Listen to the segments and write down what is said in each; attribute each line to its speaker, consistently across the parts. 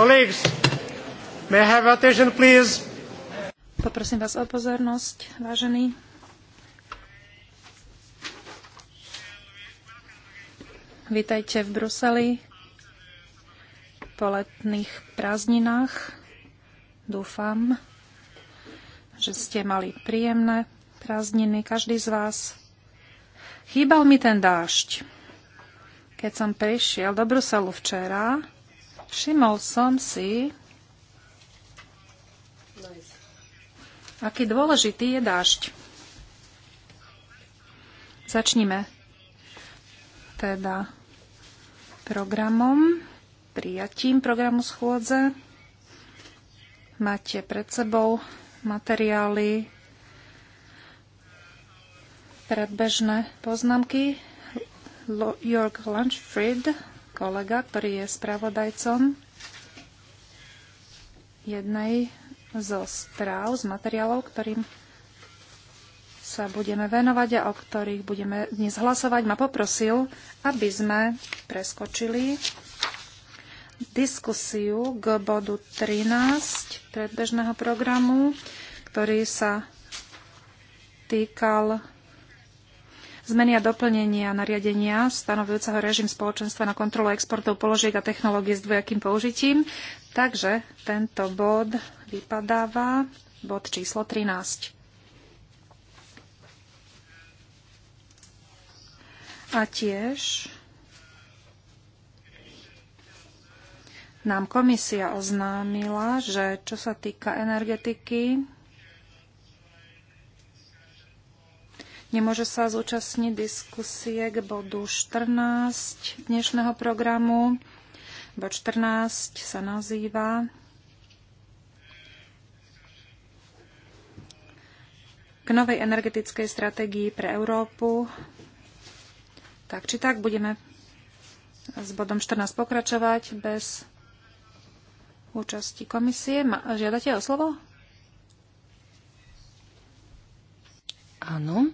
Speaker 1: Colleagues, may I have attention, please? Poprosím vás o pozornosť, vážení. Vítajte v Bruseli po letných prázdninách. Dúfam, že ste mali príjemné prázdniny, každý z vás. Chýbal mi ten dážď. Keď som prišiel do Bruselu včera, Všimol som si, aký dôležitý je dážď. Začnime teda programom, prijatím programu schôdze. Máte pred sebou materiály, predbežné poznámky. Jörg Lunchfried kolega, ktorý je spravodajcom jednej zo správ, z materiálov, ktorým sa budeme venovať a o ktorých budeme dnes hlasovať, ma poprosil, aby sme preskočili diskusiu k bodu 13 predbežného programu, ktorý sa týkal zmeny a doplnenia nariadenia stanovujúceho režim spoločenstva na kontrolu exportov položiek a technológie s dvojakým použitím. Takže tento bod vypadáva, bod číslo 13. A tiež nám komisia oznámila, že čo sa týka energetiky, Nemôže sa zúčastniť diskusie k bodu 14 dnešného programu. Bod 14 sa nazýva k novej energetickej strategii pre Európu. Tak či tak, budeme s bodom 14 pokračovať bez účasti komisie. Žiadate o slovo?
Speaker 2: Áno.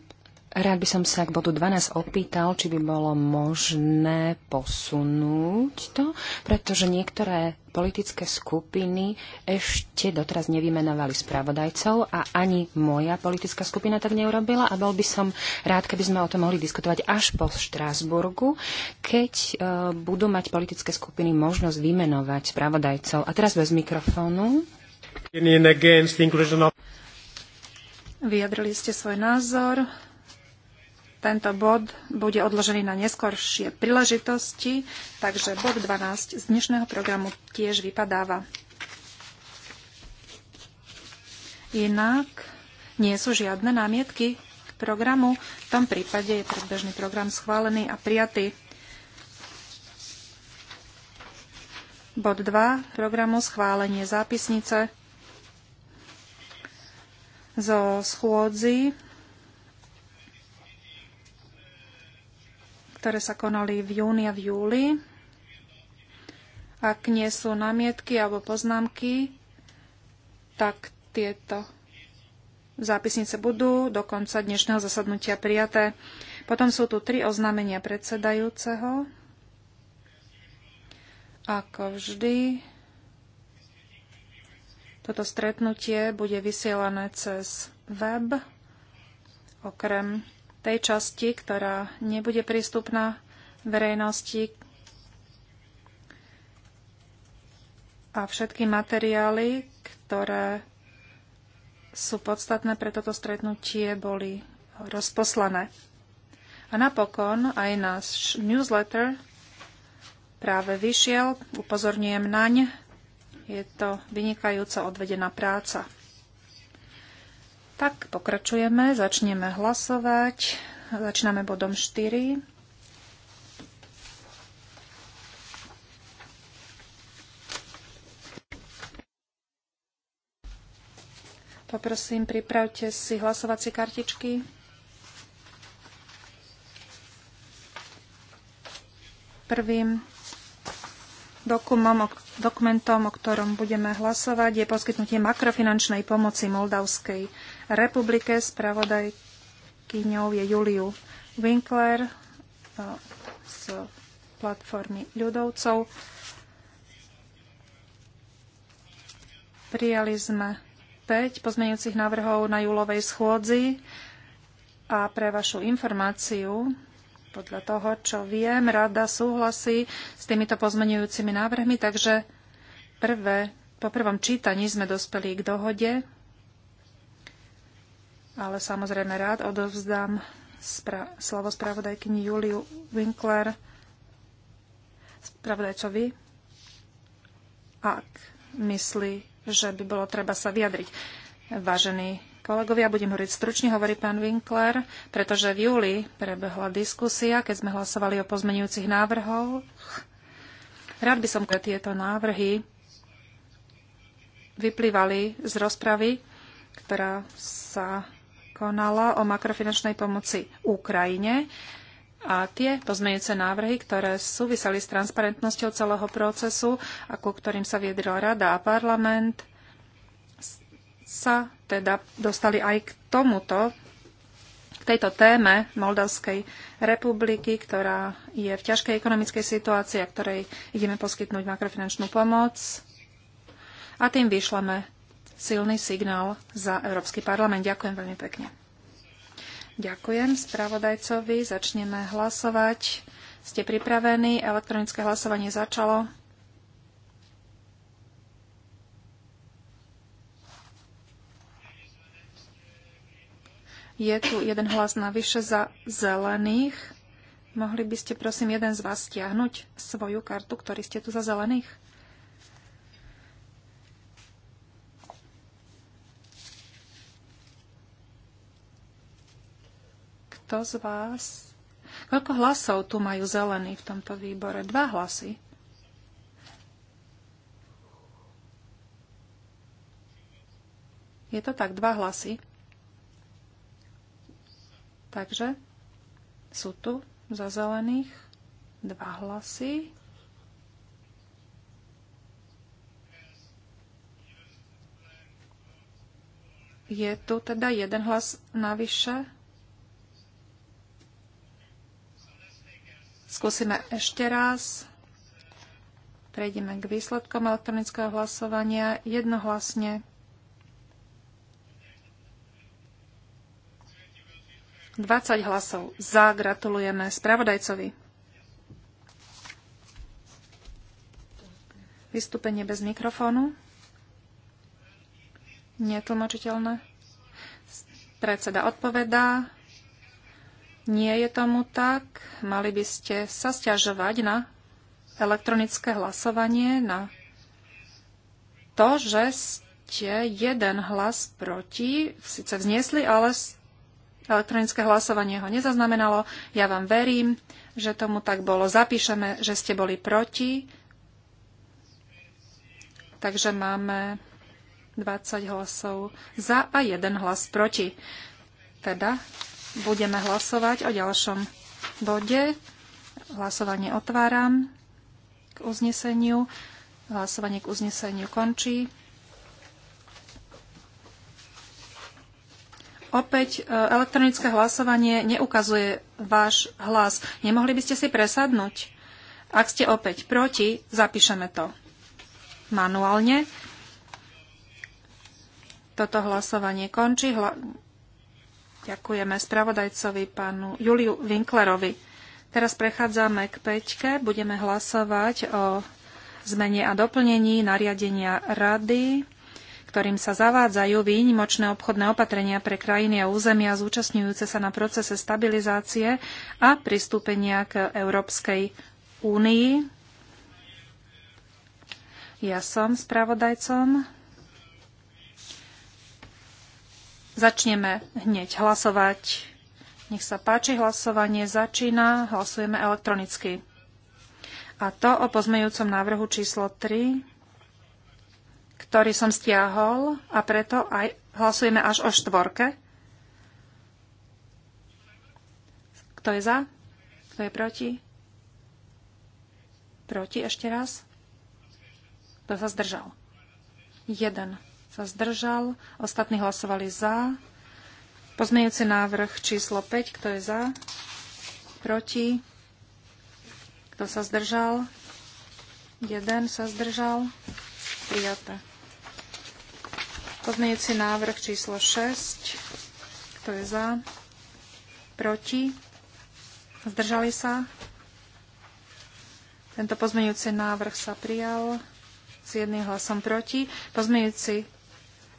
Speaker 2: Rád by som sa k bodu 12 opýtal, či by bolo možné posunúť to, pretože niektoré politické skupiny ešte doteraz nevymenovali spravodajcov a ani moja politická skupina tak neurobila a bol by som rád, keby sme o tom mohli diskutovať až po Štrásburgu, keď e, budú mať politické skupiny možnosť vymenovať spravodajcov. A teraz bez mikrofónu.
Speaker 1: Vyjadrili ste svoj názor tento bod bude odložený na neskoršie príležitosti, takže bod 12 z dnešného programu tiež vypadáva. Inak nie sú žiadne námietky k programu. V tom prípade je predbežný program schválený a prijatý. Bod 2 programu schválenie zápisnice zo schôdzi ktoré sa konali v júni a v júli. Ak nie sú namietky alebo poznámky, tak tieto zápisnice budú do konca dnešného zasadnutia prijaté. Potom sú tu tri oznámenia predsedajúceho. Ako vždy, toto stretnutie bude vysielané cez web, okrem tej časti, ktorá nebude prístupná verejnosti. A všetky materiály, ktoré sú podstatné pre toto stretnutie, boli rozposlané. A napokon aj náš newsletter práve vyšiel. Upozorňujem naň. Je to vynikajúco odvedená práca. Tak pokračujeme, začneme hlasovať. Začíname bodom 4. Poprosím, pripravte si hlasovacie kartičky. Prvým dokumentom, o ktorom budeme hlasovať, je poskytnutie makrofinančnej pomoci Moldavskej republike. Spravodajkyňou je Juliu Winkler e, z platformy ľudovcov. Prijali sme 5 pozmeňujúcich návrhov na júlovej schôdzi a pre vašu informáciu podľa toho, čo viem, rada súhlasí s týmito pozmenujúcimi návrhmi, takže prvé, po prvom čítaní sme dospeli k dohode ale samozrejme rád odovzdám spra- slovo spravodajkyni Juliu Winkler, spravodajcovi, ak myslí, že by bolo treba sa vyjadriť. Vážení kolegovia, budem hovoriť stručne, hovorí pán Winkler, pretože v júli prebehla diskusia, keď sme hlasovali o pozmenujúcich návrhoch. Rád by som, keď tieto návrhy vyplývali z rozpravy, ktorá sa konala o makrofinančnej pomoci Ukrajine a tie pozmeňujúce návrhy, ktoré súviseli s transparentnosťou celého procesu a ku ktorým sa viedrila Rada a parlament, sa teda dostali aj k tomuto, k tejto téme Moldavskej republiky, ktorá je v ťažkej ekonomickej situácii a ktorej ideme poskytnúť makrofinančnú pomoc. A tým vyšleme silný signál za Európsky parlament. Ďakujem veľmi pekne. Ďakujem spravodajcovi. Začneme hlasovať. Ste pripravení? Elektronické hlasovanie začalo. Je tu jeden hlas navyše za zelených. Mohli by ste prosím jeden z vás stiahnuť svoju kartu, ktorý ste tu za zelených? Kto z vás? Koľko hlasov tu majú zelení v tomto výbore? Dva hlasy. Je to tak, dva hlasy. Takže sú tu za zelených dva hlasy. Je tu teda jeden hlas navyše Skúsime ešte raz. Prejdeme k výsledkom elektronického hlasovania jednohlasne. 20 hlasov za. Gratulujeme spravodajcovi. Vystúpenie bez mikrofónu. Netlmočiteľné. Predseda odpovedá. Nie je tomu tak. Mali by ste sa stiažovať na elektronické hlasovanie, na to, že ste jeden hlas proti, síce vzniesli, ale elektronické hlasovanie ho nezaznamenalo. Ja vám verím, že tomu tak bolo. Zapíšeme, že ste boli proti. Takže máme 20 hlasov za a jeden hlas proti. Teda budeme hlasovať o ďalšom bode. Hlasovanie otváram k uzneseniu. Hlasovanie k uzneseniu končí. Opäť e, elektronické hlasovanie neukazuje váš hlas. Nemohli by ste si presadnúť? Ak ste opäť proti, zapíšeme to manuálne. Toto hlasovanie končí. Hla- Ďakujeme spravodajcovi pánu Juliu Winklerovi. Teraz prechádzame k peťke. Budeme hlasovať o zmene a doplnení nariadenia Rady, ktorým sa zavádzajú výnimočné obchodné opatrenia pre krajiny a územia zúčastňujúce sa na procese stabilizácie a pristúpenia k Európskej únii. Ja som spravodajcom Začneme hneď hlasovať. Nech sa páči, hlasovanie začína. Hlasujeme elektronicky. A to o pozmejúcom návrhu číslo 3, ktorý som stiahol a preto aj hlasujeme až o štvorke. Kto je za? Kto je proti? Proti ešte raz? Kto sa zdržal? 1 sa zdržal, ostatní hlasovali za. Pozmeňujúci návrh číslo 5, kto je za, proti, kto sa zdržal, jeden sa zdržal, prijaté. Pozmeňujúci návrh číslo 6, kto je za, proti, zdržali sa. Tento pozmeňujúci návrh sa prijal s jedným hlasom proti. Pozmeňujúci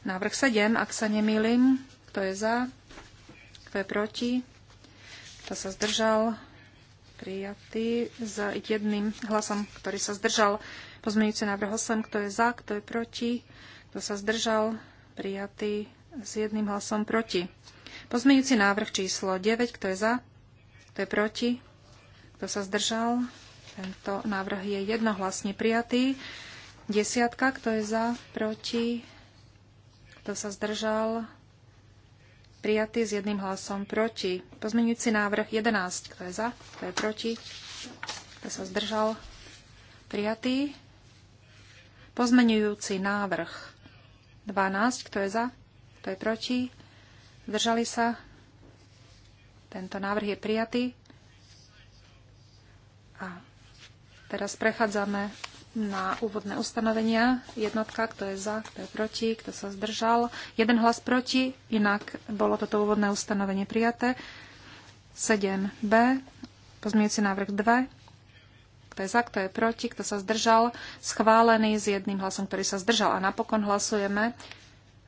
Speaker 1: Návrh 7, ak sa nemýlim. Kto je za? Kto je proti? Kto sa zdržal? Prijatý za jedným hlasom, ktorý sa zdržal. Pozmeňujúci návrh 8, kto je za, kto je proti, kto sa zdržal, prijatý s jedným hlasom proti. Pozmeňujúci návrh číslo 9, kto je za, kto je proti, kto sa zdržal, tento návrh je jednohlasne prijatý. Desiatka, kto je za, proti, kto sa zdržal? Prijatý s jedným hlasom proti. Pozmeňujúci návrh 11. Kto je za? Kto je proti? Kto sa zdržal? Prijatý. Pozmeňujúci návrh 12. Kto je za? Kto je proti? Zdržali sa? Tento návrh je prijatý. A teraz prechádzame na úvodné ustanovenia. Jednotka, kto je za, kto je proti, kto sa zdržal. Jeden hlas proti, inak bolo toto úvodné ustanovenie prijaté. 7b, pozmiňujúci návrh 2. Kto je za, kto je proti, kto sa zdržal. Schválený s jedným hlasom, ktorý sa zdržal. A napokon hlasujeme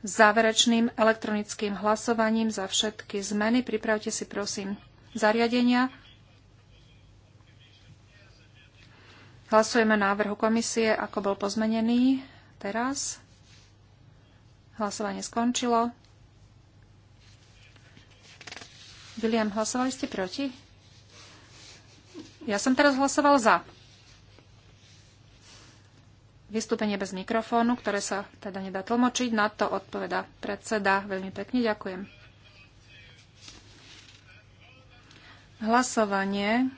Speaker 1: záverečným elektronickým hlasovaním za všetky zmeny. Pripravte si prosím zariadenia. Hlasujeme návrhu komisie, ako bol pozmenený teraz. Hlasovanie skončilo. William, hlasovali ste proti? Ja som teraz hlasoval za. Vystúpenie bez mikrofónu, ktoré sa teda nedá tlmočiť, na to odpoveda predseda. Veľmi pekne ďakujem. Hlasovanie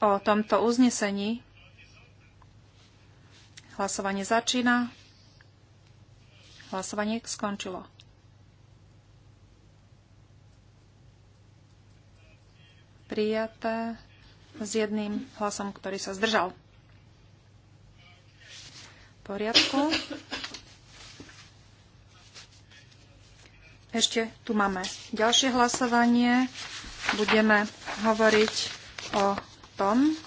Speaker 1: o tomto uznesení Hlasovanie začína. Hlasovanie skončilo. Prijaté s jedným hlasom, ktorý sa zdržal. V poriadku. Ešte tu máme ďalšie hlasovanie. Budeme hovoriť o tom,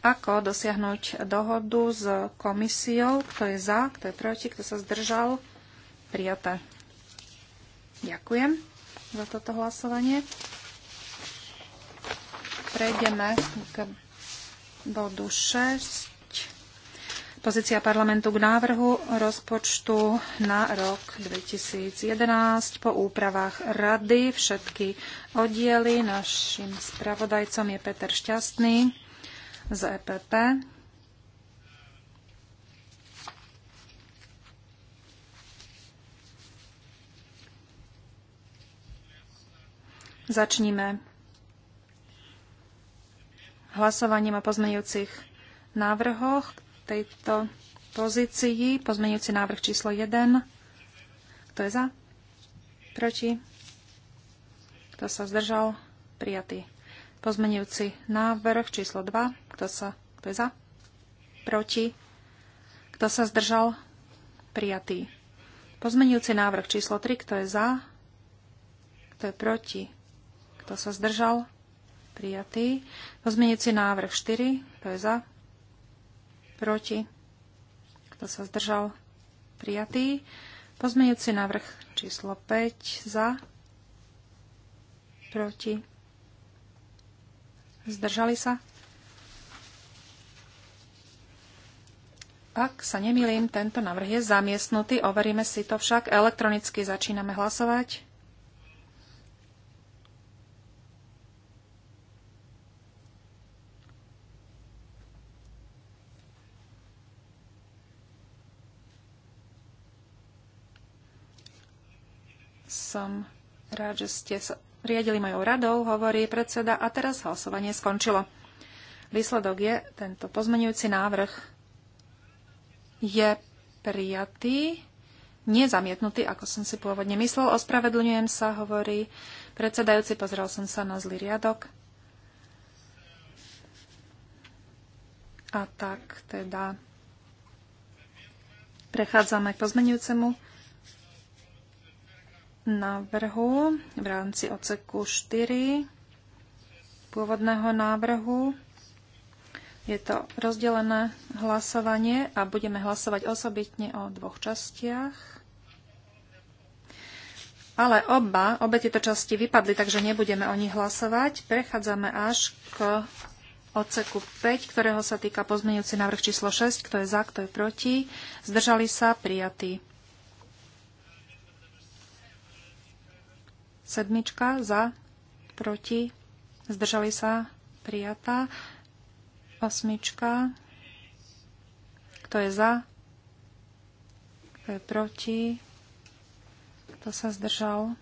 Speaker 1: ako dosiahnuť dohodu s komisiou, kto je za, kto je proti, kto sa zdržal. Prijaté. Ďakujem za toto hlasovanie. Prejdeme k bodu 6. Pozícia parlamentu k návrhu rozpočtu na rok 2011 po úpravách rady všetky oddiely. Našim spravodajcom je Peter Šťastný z EPP. Začníme hlasovaním o pozmeňujúcich návrhoch k tejto pozícii. Pozmeňujúci návrh číslo 1. Kto je za? Proti? Kto sa zdržal? Prijatý. Pozmenujúci návrh číslo 2. Kto, sa, kto je za? Proti? Kto sa zdržal? Prijatý. Pozmenujúci návrh číslo 3. Kto je za? Kto je proti? Kto sa zdržal? Prijatý. Pozmenujúci návrh 4. Kto je za? Proti? Kto sa zdržal? Prijatý. Pozmenujúci návrh číslo 5. Za? Proti? Zdržali sa? Ak sa nemýlim, tento návrh je zamiestnutý. Overíme si to však. Elektronicky začíname hlasovať. Som rád, že ste sa riadili mojou radou, hovorí predseda a teraz hlasovanie skončilo. Výsledok je, tento pozmenujúci návrh je prijatý, nezamietnutý, ako som si pôvodne myslel. Ospravedlňujem sa, hovorí predsedajúci, pozrel som sa na zlý riadok. A tak teda prechádzame k pozmenujúcemu návrhu v rámci oceku 4 pôvodného návrhu. Je to rozdelené hlasovanie a budeme hlasovať osobitne o dvoch častiach. Ale oba, obe tieto časti vypadli, takže nebudeme o nich hlasovať. Prechádzame až k odseku 5, ktorého sa týka pozmeňujúci návrh číslo 6. Kto je za, kto je proti? Zdržali sa prijatí. Sedmička za, proti, zdržali sa, prijatá. Osmička, kto je za, kto je proti, kto sa zdržal.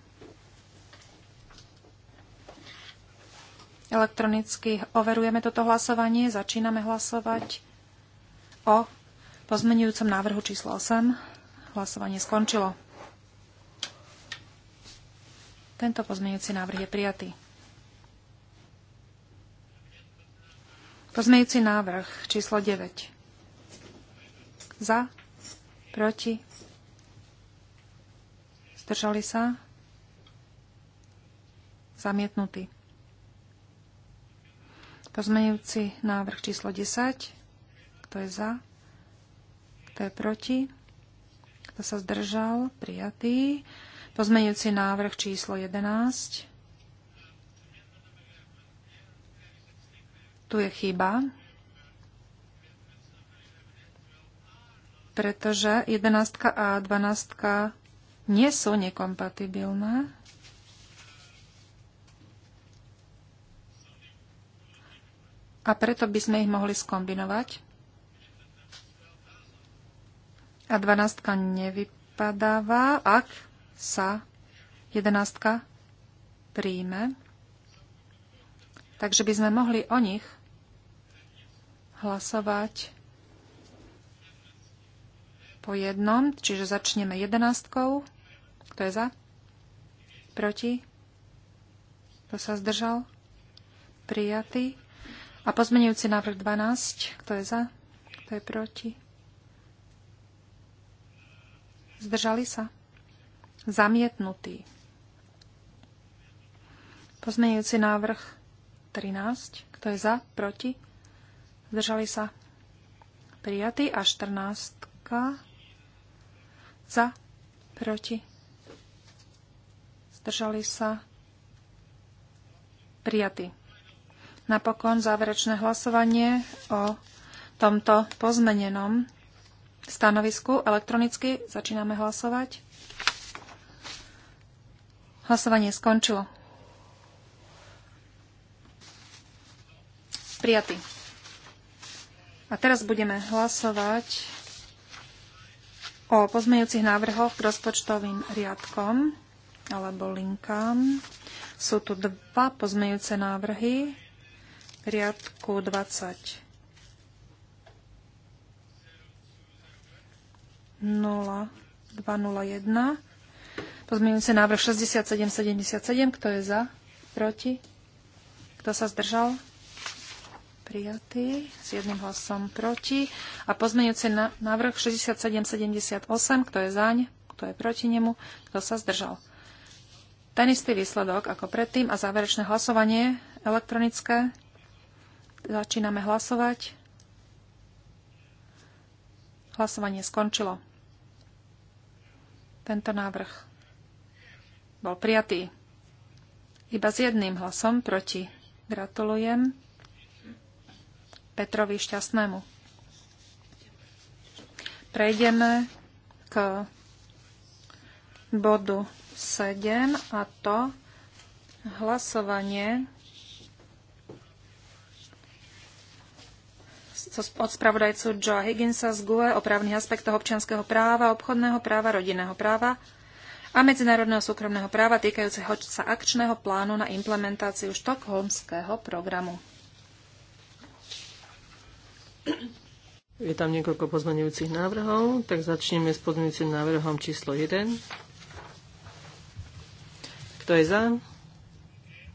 Speaker 1: Elektronicky overujeme toto hlasovanie. Začíname hlasovať o pozmenujúcom návrhu číslo 8. Hlasovanie skončilo. Tento pozmeňujúci návrh je prijatý. Pozmeňujúci návrh číslo 9. Za, proti, zdržali sa, zamietnutý. Pozmeňujúci návrh číslo 10. Kto je za? Kto je proti? Kto sa zdržal? Prijatý. Pozmeňujúci návrh číslo 11. Tu je chyba, pretože 11 a 12 nie sú nekompatibilné. A preto by sme ich mohli skombinovať. A 12 nevypadáva, ak sa jedenástka príjme. Takže by sme mohli o nich hlasovať po jednom, čiže začneme jedenástkou. Kto je za? Proti? Kto sa zdržal? Prijatý. A pozmenujúci návrh 12. Kto je za? Kto je proti? Zdržali sa? Zamietnutý. Pozmeňujúci návrh 13. Kto je za? Proti? Zdržali sa? Prijatý. A 14. Za? Proti? Zdržali sa? Prijatý. Napokon záverečné hlasovanie o tomto pozmenenom stanovisku. Elektronicky začíname hlasovať. Hlasovanie skončilo. Prijatý. A teraz budeme hlasovať o pozmeňujúcich návrhoch k rozpočtovým riadkom alebo linkám. Sú tu dva pozmeňujúce návrhy k riadku 20. 0201 Pozmeňujúce návrh 6777. Kto je za? Proti? Kto sa zdržal? Prijatý. S jedným hlasom proti. A pozmeňujúce návrh 6778. Kto je zaň? Kto je proti nemu? Kto sa zdržal? Ten istý výsledok ako predtým a záverečné hlasovanie elektronické. Začíname hlasovať. Hlasovanie skončilo. Tento návrh bol prijatý. Iba s jedným hlasom proti. Gratulujem Petrovi Šťastnému. Prejdeme k bodu 7 a to hlasovanie od spravodajcu Joe Higginsa z GUE o právnych aspektoch občianského práva, obchodného práva, rodinného práva a medzinárodného súkromného práva týkajúceho sa akčného plánu na implementáciu štokholmského programu.
Speaker 3: Je tam niekoľko pozmeňujúcich návrhov, tak začneme s pozmeňujúcim návrhom číslo 1. Kto je za?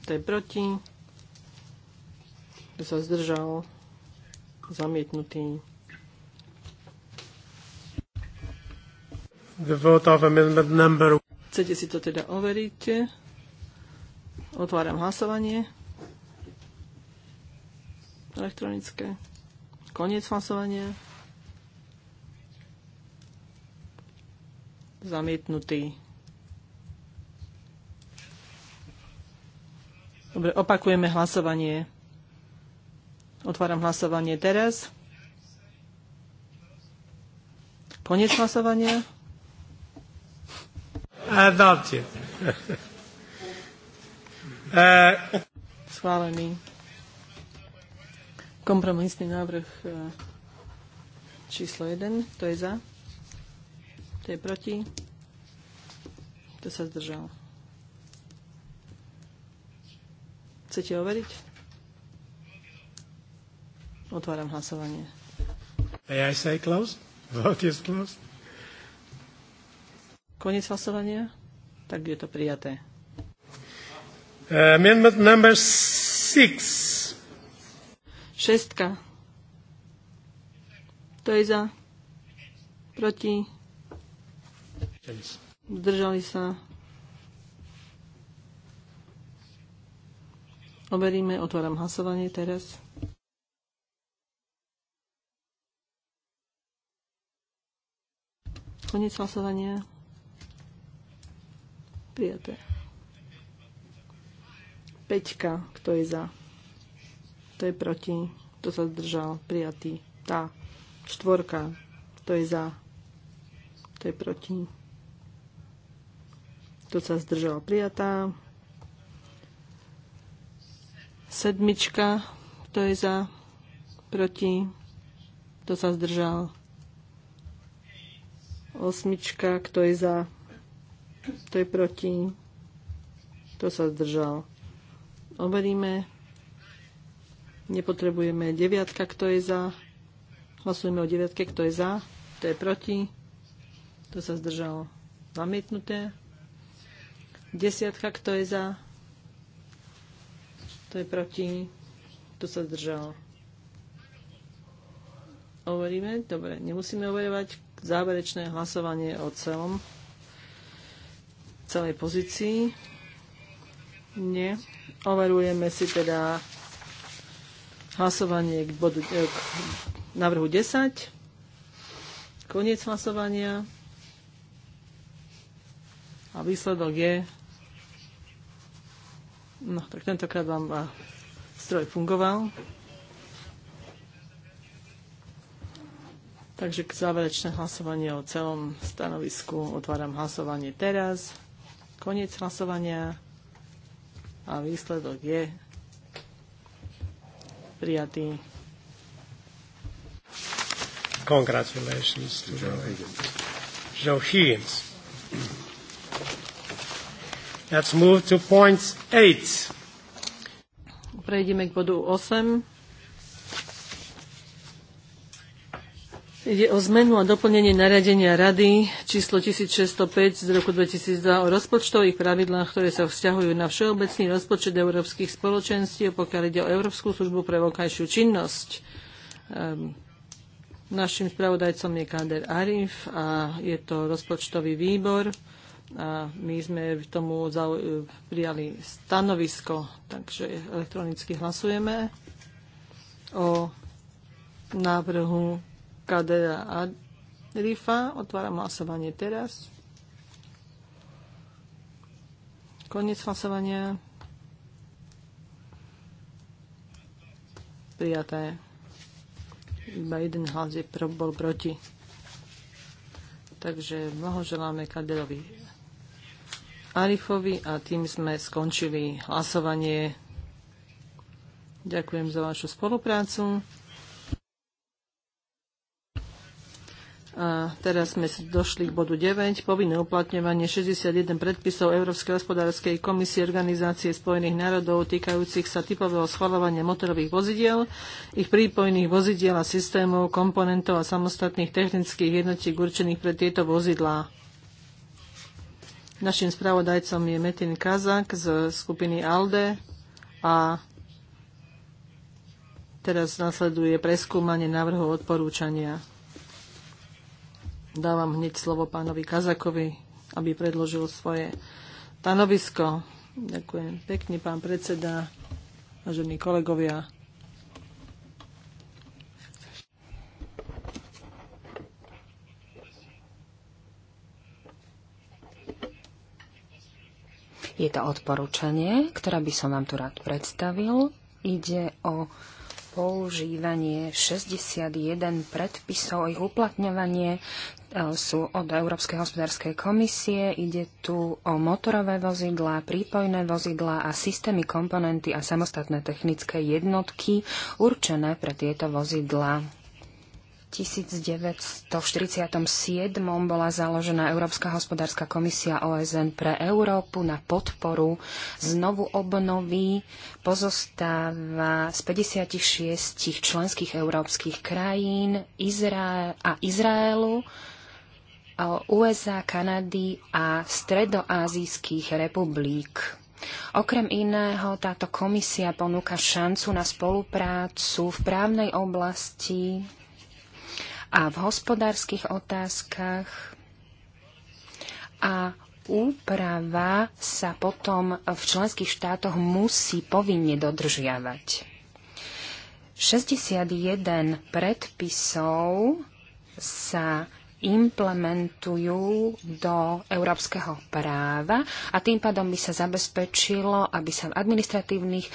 Speaker 3: Kto je proti? Kto sa zdržal? Zamietnutý. The vote of amendment number... Chcete si to teda overiť? Otváram hlasovanie. Elektronické. Koniec hlasovania. Zamietnutý. Dobre, opakujeme hlasovanie. Otváram hlasovanie teraz. Koniec hlasovania. Adopted. Uh, e, Schválený. Kompromisný návrh e, číslo 1. To je za. To je proti. To sa zdržalo. Chcete overiť? Otváram hlasovanie. May I say close? Vote is closed. Koniec hlasovania? Tak je to prijaté. Eh, amendment number six. Šestka. To je za. Proti. Zdržali sa. Overíme, otváram hlasovanie teraz. Koniec hlasovania. Prijaté. Peťka, kto je za? Kto je proti? Kto sa zdržal? Prijatý. Tá. Štvorka, kto je za? Kto je proti? Kto sa zdržal? Prijatá. Sedmička, kto je za? Proti? Kto sa zdržal? Osmička, kto je za? Kto je proti? To sa zdržal? Overíme. Nepotrebujeme deviatka, kto je za. Hlasujeme o deviatke, kto je za. Kto je proti? To sa zdržal? Zamietnuté. Desiatka, kto je za. To je proti? To sa zdržal? Overíme? Dobre, nemusíme overovať záverečné hlasovanie o celom celej pozícii? Nie. Overujeme si teda hlasovanie k, bodu, e, k návrhu 10. Koniec hlasovania. A výsledok je... No, tak tentokrát vám e, stroj fungoval. Takže k záverečné hlasovanie o celom stanovisku otváram hlasovanie teraz. Koniec hlasovania a výsledok je prijatý. Congratulations to Joe Higgins. Joe Higgins. Let's move to point eight. Prejdeme k bodu 8. Ide o zmenu a doplnenie nariadenia Rady číslo 1605 z roku 2002 o rozpočtových pravidlách, ktoré sa vzťahujú na všeobecný rozpočet európskych spoločenstiev, pokiaľ ide o Európsku službu pre vokajšiu činnosť. Ehm, našim spravodajcom je Kader Arif a je to rozpočtový výbor a my sme k tomu prijali stanovisko, takže elektronicky hlasujeme o návrhu Kadera a Rifa. Otváram hlasovanie teraz. Koniec hlasovania. Prijaté. Iba jeden hlas je pro, bol proti. Takže blahoželáme Kaderovi Arifovi a tým sme skončili hlasovanie. Ďakujem za vašu spoluprácu. A teraz sme došli k bodu 9. Povinné uplatňovanie 61 predpisov Európskej hospodárskej komisie Organizácie spojených národov týkajúcich sa typového schvalovania motorových vozidiel, ich prípojných vozidiel a systémov, komponentov a samostatných technických jednotiek určených pre tieto vozidlá. Našim spravodajcom je Metin Kazak z skupiny ALDE a teraz nasleduje preskúmanie návrhu odporúčania. Dávam hneď slovo pánovi Kazakovi, aby predložil svoje stanovisko. Ďakujem pekne, pán predseda, vážení kolegovia.
Speaker 2: Je to odporúčanie, ktoré by som vám tu rád predstavil. Ide o používanie 61 predpisov, ich uplatňovanie, Eh, sú od Európskej hospodárskej komisie. Ide tu o motorové vozidlá, prípojné vozidlá a systémy, komponenty a samostatné technické jednotky určené pre tieto vozidlá. V 1947 bola založená Európska hospodárska komisia OSN pre Európu na podporu znovu obnovy. Pozostáva z 56 členských európskych krajín Izrael a Izraelu USA, Kanady a stredoázijských republik. Okrem iného, táto komisia ponúka šancu na spoluprácu v právnej oblasti a v hospodárskych otázkach a úprava sa potom v členských štátoch musí povinne dodržiavať. 61 predpisov sa implementujú do európskeho práva a tým pádom by sa zabezpečilo, aby sa v administratívnych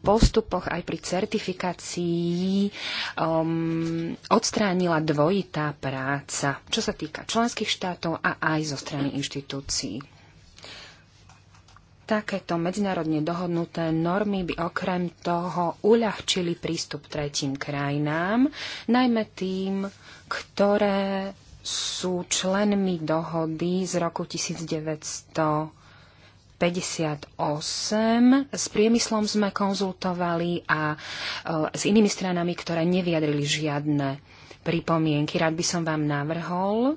Speaker 2: postupoch aj pri certifikácii um, odstránila dvojitá práca, čo sa týka členských štátov a aj zo strany inštitúcií takéto medzinárodne dohodnuté normy by okrem toho uľahčili prístup tretím krajinám, najmä tým, ktoré sú členmi dohody z roku 1958. S priemyslom sme konzultovali a e, s inými stranami, ktoré nevyjadrili žiadne pripomienky. Rád by som vám navrhol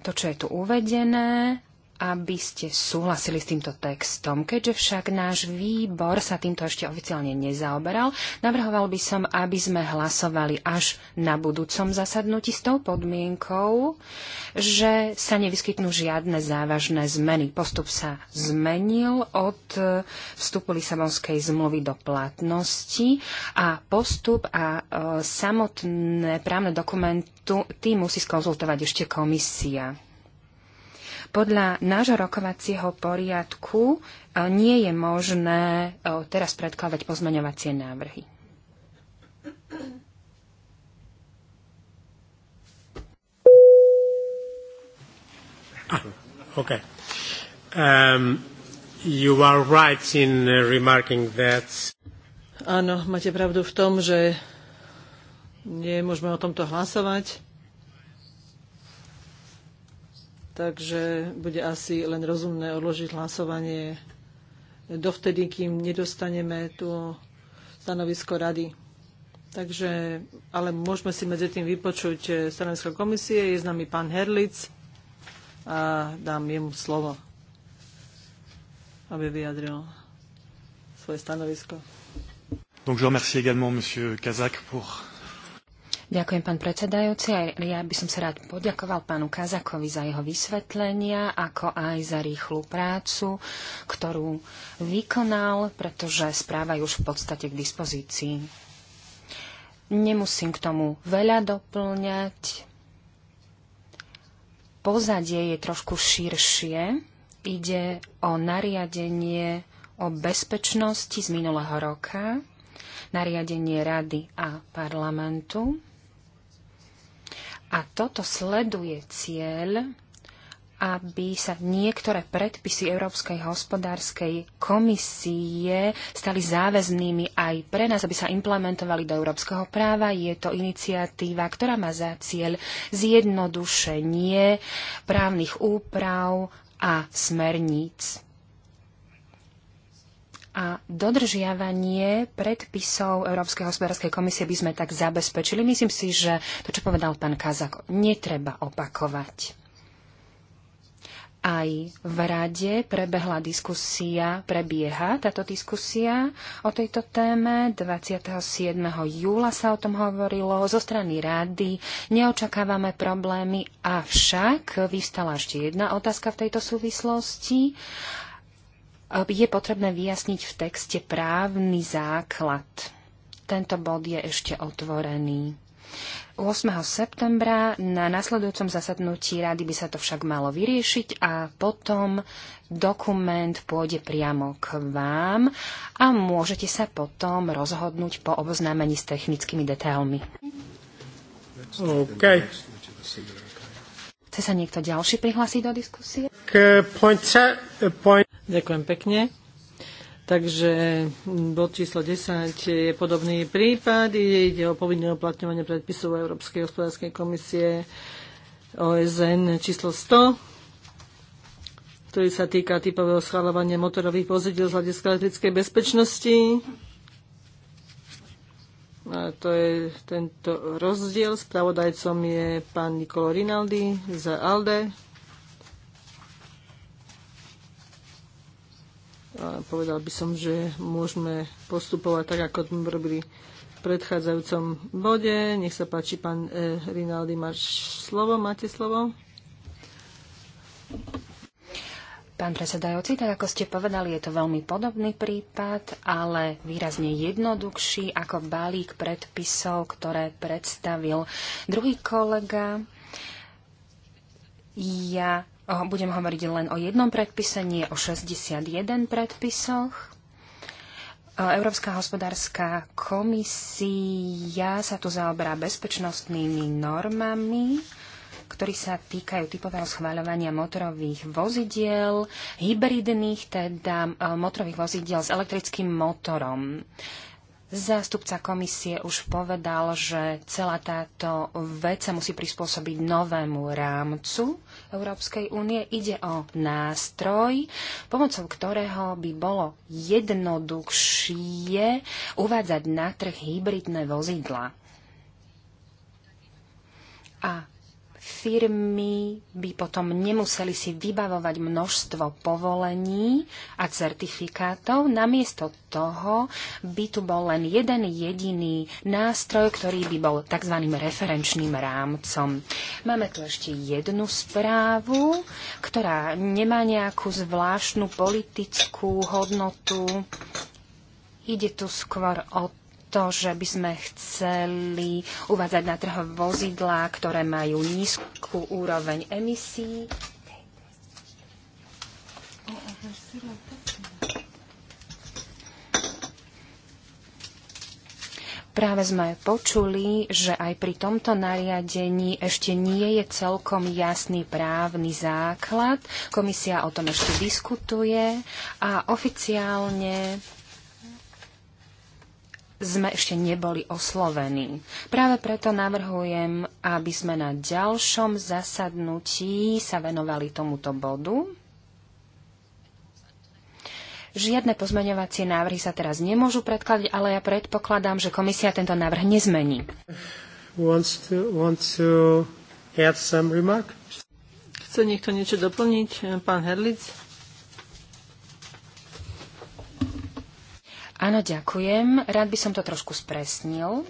Speaker 2: to, čo je tu uvedené, aby ste súhlasili s týmto textom. Keďže však náš výbor sa týmto ešte oficiálne nezaoberal, navrhoval by som, aby sme hlasovali až na budúcom zasadnutí s tou podmienkou, že sa nevyskytnú žiadne závažné zmeny. Postup sa zmenil od e, vstupu Lisabonskej zmluvy do platnosti a postup a e, samotné právne dokumenty musí skonzultovať ešte komisia. Podľa nášho rokovacieho poriadku e, nie je možné e, teraz predkladať pozmeňovacie návrhy.
Speaker 3: Ah, OK. Um, you are right in uh, remarking that. Áno, máte pravdu v tom, že nemôžeme o tomto hlasovať takže bude asi len rozumné odložiť hlasovanie dovtedy, kým nedostaneme tu stanovisko rady. Takže, ale môžeme si medzi tým vypočuť eh, stanovisko komisie. Je s nami pán Herlic a dám jemu slovo, aby vyjadril svoje
Speaker 2: stanovisko. Donc je remercie également Monsieur Kazak pour Ďakujem, pán predsedajúci. Aj ja by som sa rád poďakoval pánu Kazakovi za jeho vysvetlenia, ako aj za rýchlu prácu, ktorú vykonal, pretože správa je už v podstate k dispozícii. Nemusím k tomu veľa doplňať. Pozadie je trošku širšie. Ide o nariadenie o bezpečnosti z minulého roka, nariadenie Rady a parlamentu a toto sleduje cieľ, aby sa niektoré predpisy Európskej hospodárskej komisie stali záväznými aj pre nás, aby sa implementovali do európskeho práva. Je to iniciatíva, ktorá má za cieľ zjednodušenie právnych úprav a smerníc a dodržiavanie predpisov Európskej hospodárskej komisie by sme tak zabezpečili. Myslím si, že to, čo povedal pán Kazak, netreba opakovať. Aj v rade prebehla diskusia, prebieha táto diskusia o tejto téme. 27. júla sa o tom hovorilo. Zo strany rady neočakávame problémy, avšak vyvstala ešte jedna otázka v tejto súvislosti je potrebné vyjasniť v texte právny základ. Tento bod je ešte otvorený. 8. septembra na nasledujúcom zasadnutí rady by sa to však malo vyriešiť a potom dokument pôjde priamo k vám a môžete sa potom rozhodnúť po oboznámení s technickými detailmi. Okay. Chce sa niekto ďalší prihlásiť do diskusie? K point, point. Ďakujem pekne.
Speaker 3: Takže bod číslo 10 je podobný prípad. Ide o povinné uplatňovanie predpisov Európskej hospodárskej komisie OSN číslo 100, ktorý sa týka typového schváľovania motorových vozidel z hľadiska elektrickej bezpečnosti. A to je tento rozdiel. Spravodajcom je pán Nikolo Rinaldi za ALDE. povedal by som, že môžeme postupovať tak, ako sme robili v predchádzajúcom bode. Nech sa páči, pán e, Rinaldi, máš slovo, máte slovo.
Speaker 2: Pán predsedajúci, tak ako ste povedali, je to veľmi podobný prípad, ale výrazne jednoduchší ako balík predpisov, ktoré predstavil druhý kolega. Ja budem hovoriť len o jednom predpise, nie o 61 predpisoch. Európska hospodárska komisia sa tu zaoberá bezpečnostnými normami, ktorí sa týkajú typového schváľovania motorových vozidiel, hybridných, teda motorových vozidiel s elektrickým motorom. Uh, Zástupca komisie už povedal, že celá táto vec sa musí prispôsobiť novému rámcu Európskej únie. Ide o nástroj, pomocou ktorého by bolo jednoduchšie uvádzať na trh hybridné vozidla. A firmy by potom nemuseli si vybavovať množstvo povolení a certifikátov. Namiesto toho by tu bol len jeden jediný nástroj, ktorý by bol tzv. referenčným rámcom. Máme tu ešte jednu správu, ktorá nemá nejakú zvláštnu politickú hodnotu. Ide tu skôr o to, že by sme chceli uvádzať na trh vozidlá, ktoré majú nízku úroveň emisí. Práve sme počuli, že aj pri tomto nariadení ešte nie je celkom jasný právny základ. Komisia o tom ešte diskutuje a oficiálne sme ešte neboli oslovení. Práve preto navrhujem, aby sme na ďalšom zasadnutí sa venovali tomuto bodu. Žiadne pozmeňovacie návrhy sa teraz nemôžu predkladať, ale ja predpokladám, že komisia tento návrh nezmení.
Speaker 3: Wants to, wants to Chce niekto niečo doplniť? Pán Herlic?
Speaker 2: Áno, ďakujem. Rád by som to trošku spresnil.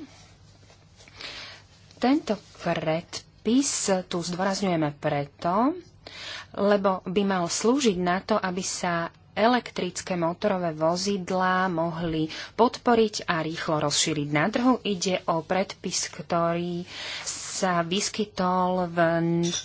Speaker 2: Tento predpis tu zdôrazňujeme preto, lebo by mal slúžiť na to, aby sa elektrické motorové vozidlá mohli podporiť a rýchlo rozšíriť na trhu. Ide o predpis, ktorý sa vyskytol v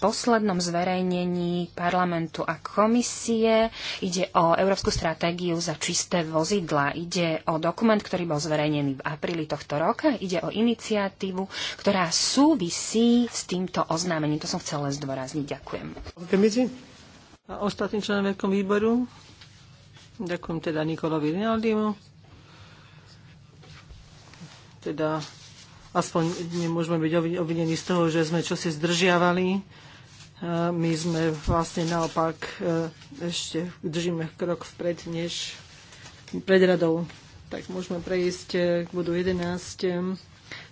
Speaker 2: poslednom zverejnení parlamentu a komisie. Ide o Európsku stratégiu za čisté vozidla. Ide o dokument, ktorý bol zverejnený v apríli tohto roka. Ide o iniciatívu, ktorá súvisí s týmto oznámením. To som chcela zdôrazniť. Ďakujem. A ostatným členom výboru Ďakujem teda
Speaker 3: Nikolovi Rinaldimu. Teda aspoň nemôžeme byť obvinení z toho, že sme čosi zdržiavali. E, my sme vlastne naopak e, ešte držíme krok vpred, než pred radou. Tak môžeme prejsť e, k bodu 11.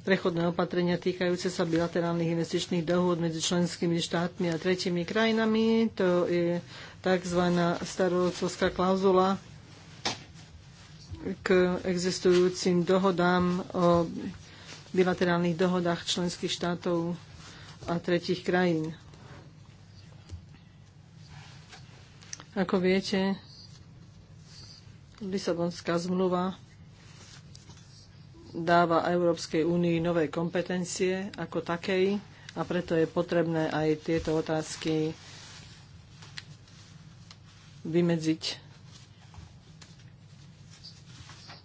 Speaker 3: Prechodné opatrenia týkajúce sa bilaterálnych investičných dohôd medzi členskými štátmi a tretimi krajinami. To je tzv. starovcovská klauzula k existujúcim dohodám o bilaterálnych dohodách členských štátov a tretich krajín. Ako viete, Lisabonská zmluva dáva Európskej únii nové kompetencie ako takej a preto je potrebné aj tieto otázky vymedziť,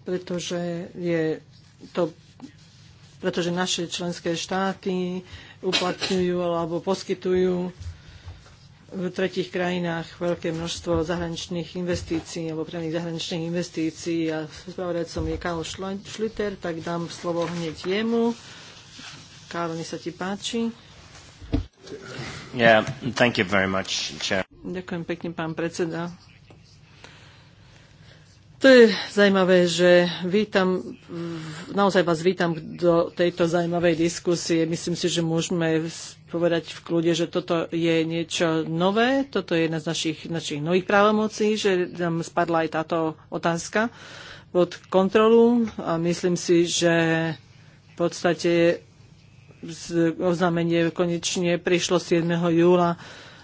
Speaker 3: pretože je to pretože naše členské štáty uplatňujú alebo poskytujú v tretich krajinách veľké množstvo zahraničných investícií alebo priamých zahraničných investícií a spravodajcom je Karl Schlitter, tak dám slovo hneď jemu. Karl, mi sa ti páči.
Speaker 2: Yeah, thank you very
Speaker 3: much, chair. Ďakujem pekne, pán predseda. To je zaujímavé, že vítam, naozaj vás vítam do tejto zaujímavej diskusie. Myslím si, že môžeme povedať v kľude, že toto je niečo nové, toto je jedna z našich, našich nových právomocí, že nám spadla aj táto otázka pod kontrolu a myslím si, že v podstate oznámenie konečne prišlo 7. júla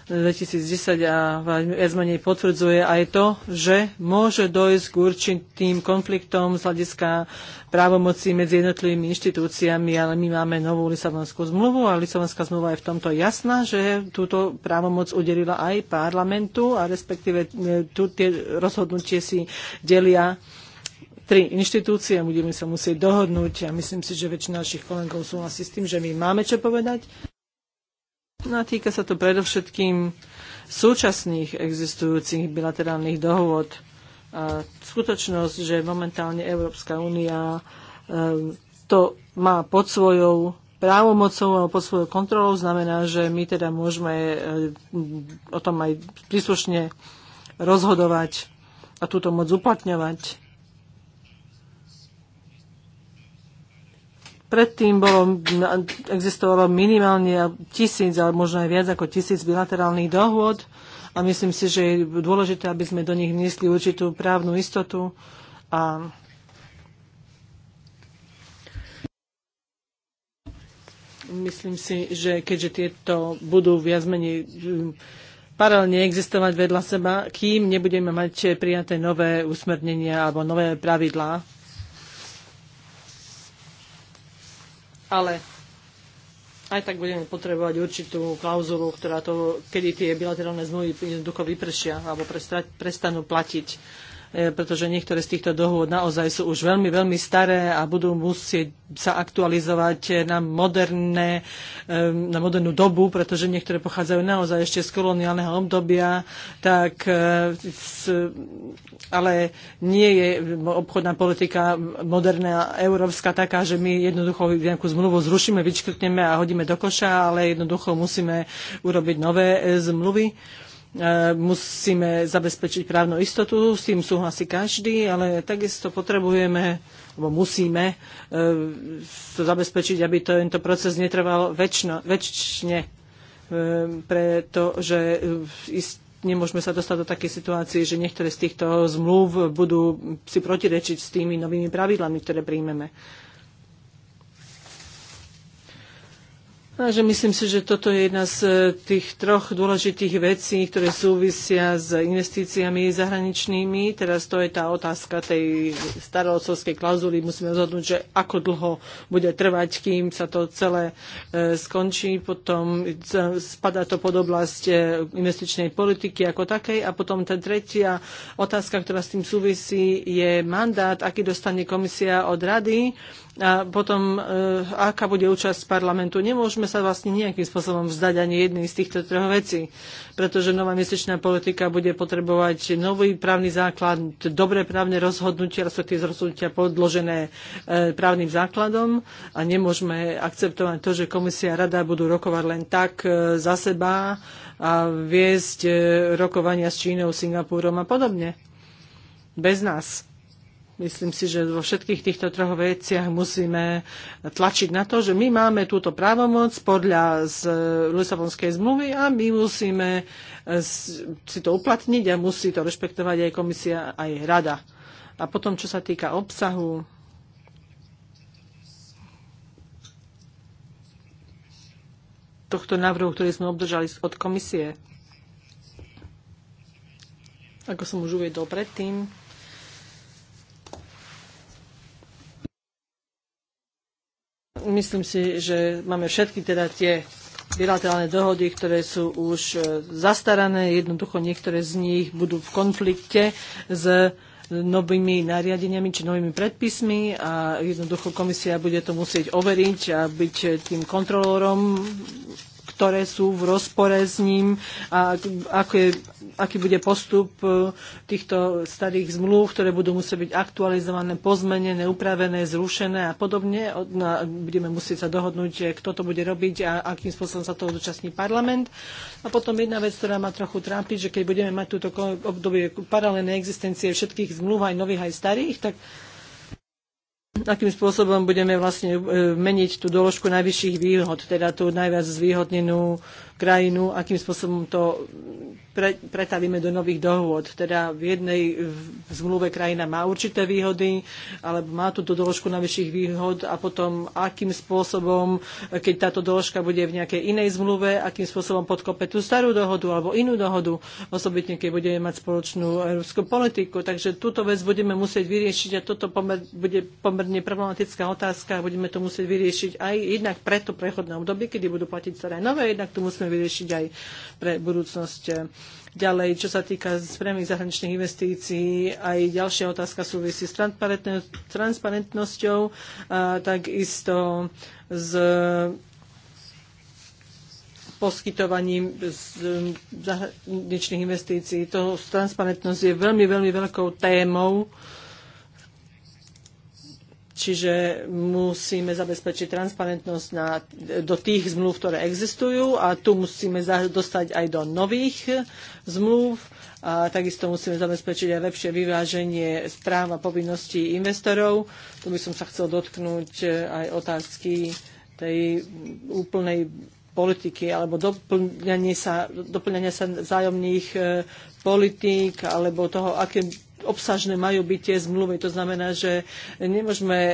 Speaker 3: 2010 a viac menej potvrdzuje aj to, že môže dojsť k určitým konfliktom z hľadiska právomocí medzi jednotlivými inštitúciami, ale my máme novú Lisabonskú zmluvu a Lisabonská zmluva je v tomto jasná, že túto právomoc udelila aj parlamentu a respektíve e, tu tie rozhodnutie si delia tri inštitúcie a budeme sa musieť dohodnúť a myslím si, že väčšina našich kolegov súhlasí s tým, že my máme čo povedať. No a týka sa to predovšetkým súčasných existujúcich bilaterálnych dohôd. A skutočnosť, že momentálne Európska únia ehm, to má pod svojou právomocou alebo pod svojou kontrolou, znamená, že my teda môžeme ehm, o tom aj príslušne rozhodovať a túto moc uplatňovať. Predtým bolo, existovalo minimálne tisíc, ale možno aj viac ako tisíc bilaterálnych dohôd a myslím si, že je dôležité, aby sme do nich vniesli určitú právnu istotu a myslím si, že keďže tieto budú viac menej hm, paralelne existovať vedľa seba, kým nebudeme mať prijaté nové usmernenia alebo nové pravidlá ale aj tak budeme potrebovať určitú klauzulu, ktorá to, kedy tie bilaterálne zmluvy jednoducho vypršia alebo prestanú platiť. E, pretože niektoré z týchto dohôd naozaj sú už veľmi, veľmi staré a budú musieť sa aktualizovať na, moderné, e, na modernú dobu, pretože niektoré pochádzajú naozaj ešte z koloniálneho obdobia, tak, e, ale nie je obchodná politika moderná európska taká, že my jednoducho nejakú zmluvu zrušíme, vyčkrtneme a hodíme do koša, ale jednoducho musíme urobiť nové zmluvy musíme zabezpečiť právnu istotu, s tým súhlasí každý, ale takisto potrebujeme, alebo musíme e, to zabezpečiť, aby to tento proces netrval väčšine, e, pretože e, nemôžeme sa dostať do takej situácie, že niektoré z týchto zmluv budú si protirečiť s tými novými pravidlami, ktoré príjmeme. Takže myslím si, že toto je jedna z eh, tých troch dôležitých vecí, ktoré súvisia s investíciami zahraničnými. Teraz to je tá otázka tej starovcovskej klauzuly. Musíme rozhodnúť, že ako dlho bude trvať, kým sa to celé eh, skončí. Potom spadá to pod oblasť eh, investičnej politiky ako takej. A potom tá tretia otázka, ktorá s tým súvisí, je mandát, aký dostane komisia od rady a potom e, aká bude účasť parlamentu. Nemôžeme sa vlastne nejakým spôsobom vzdať ani jednej z týchto troch vecí, pretože nová mesečná politika bude potrebovať nový právny základ, dobré právne rozhodnutia, respektíve rozhodnutia podložené e, právnym základom a nemôžeme akceptovať to, že komisia a rada budú rokovať len tak e, za seba a viesť e, rokovania s Čínou, Singapúrom a podobne. Bez nás. Myslím si, že vo všetkých týchto troch veciach musíme tlačiť na to, že my máme túto právomoc podľa z e, Lisabonskej zmluvy a my musíme e, si to uplatniť a musí to rešpektovať aj komisia, aj rada. A potom, čo sa týka obsahu, tohto návrhu, ktorý sme obdržali od komisie. Ako som už uviedol predtým, Myslím si, že máme všetky teda tie bilaterálne dohody, ktoré sú už e, zastarané. Jednoducho niektoré z nich budú v konflikte s novými nariadeniami či novými predpismi a jednoducho komisia bude to musieť overiť a byť e, tým kontrolórom ktoré sú v rozpore s ním a je, aký bude postup e, týchto starých zmluv, ktoré budú musieť byť aktualizované, pozmenené, upravené, zrušené a podobne. Budeme musieť sa dohodnúť, kto to bude robiť a akým spôsobom sa to zúčastní parlament. A potom jedna vec, ktorá ma trochu trápi, že keď budeme mať túto obdobie paralelnej existencie všetkých zmluv, aj nových, aj starých, tak akým spôsobom budeme vlastne e, meniť tú doložku najvyšších výhod, teda tú najviac zvýhodnenú krajinu, akým spôsobom to pre, pretavíme do nových dohôd. Teda v jednej v zmluve krajina má určité výhody, alebo má túto doložku na vyšších výhod a potom akým spôsobom, keď táto doložka bude v nejakej inej zmluve, akým spôsobom podkope tú starú dohodu alebo inú dohodu, osobitne keď budeme mať spoločnú európsku politiku. Takže túto vec budeme musieť vyriešiť a toto pomer, bude pomerne problematická otázka a budeme to musieť vyriešiť aj jednak pre to prechodné obdobie, kedy budú platiť staré nové, jednak tu musíme musíme vyriešiť aj pre budúcnosť. Ďalej, čo sa týka spremných zahraničných investícií, aj ďalšia otázka súvisí s transparentnosťou, a takisto s poskytovaním zahraničných investícií. To transparentnosť je veľmi, veľmi veľkou témou Čiže musíme zabezpečiť transparentnosť na, do tých zmluv, ktoré existujú a tu musíme za, dostať aj do nových zmluv. A takisto musíme zabezpečiť aj lepšie vyváženie správ a povinností investorov. Tu by som sa chcel dotknúť e, aj otázky tej úplnej politiky alebo doplňania sa, doplňania sa vzájomných e, politík alebo toho, aké obsažné majú byť tie zmluvy. To znamená, že nemôžeme e,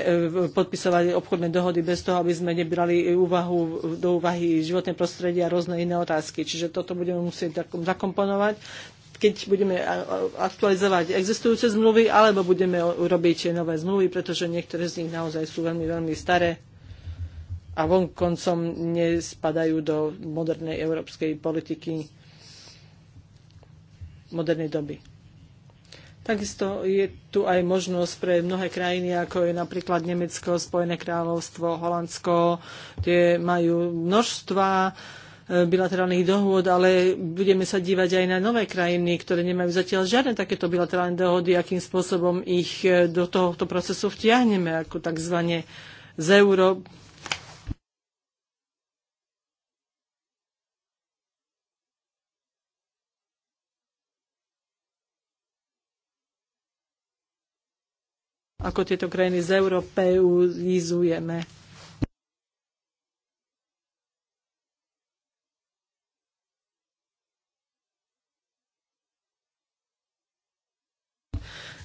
Speaker 3: podpisovať obchodné dohody bez toho, aby sme nebrali úvahu, do úvahy životné prostredie a rôzne iné otázky. Čiže toto budeme musieť zakomponovať keď budeme aktualizovať existujúce zmluvy, alebo budeme robiť nové zmluvy, pretože niektoré z nich naozaj sú veľmi, veľmi staré a vonkoncom nespadajú do modernej európskej politiky modernej doby. Takisto je tu aj možnosť pre mnohé krajiny, ako je napríklad Nemecko, Spojené kráľovstvo, Holandsko, tie majú množstva e, bilaterálnych dohôd, ale budeme sa dívať aj na nové krajiny, ktoré nemajú zatiaľ žiadne takéto bilaterálne dohody, akým spôsobom ich e, do tohoto procesu vtiahneme, ako tzv. z Euró- ako tieto krajiny zeuropeizujeme.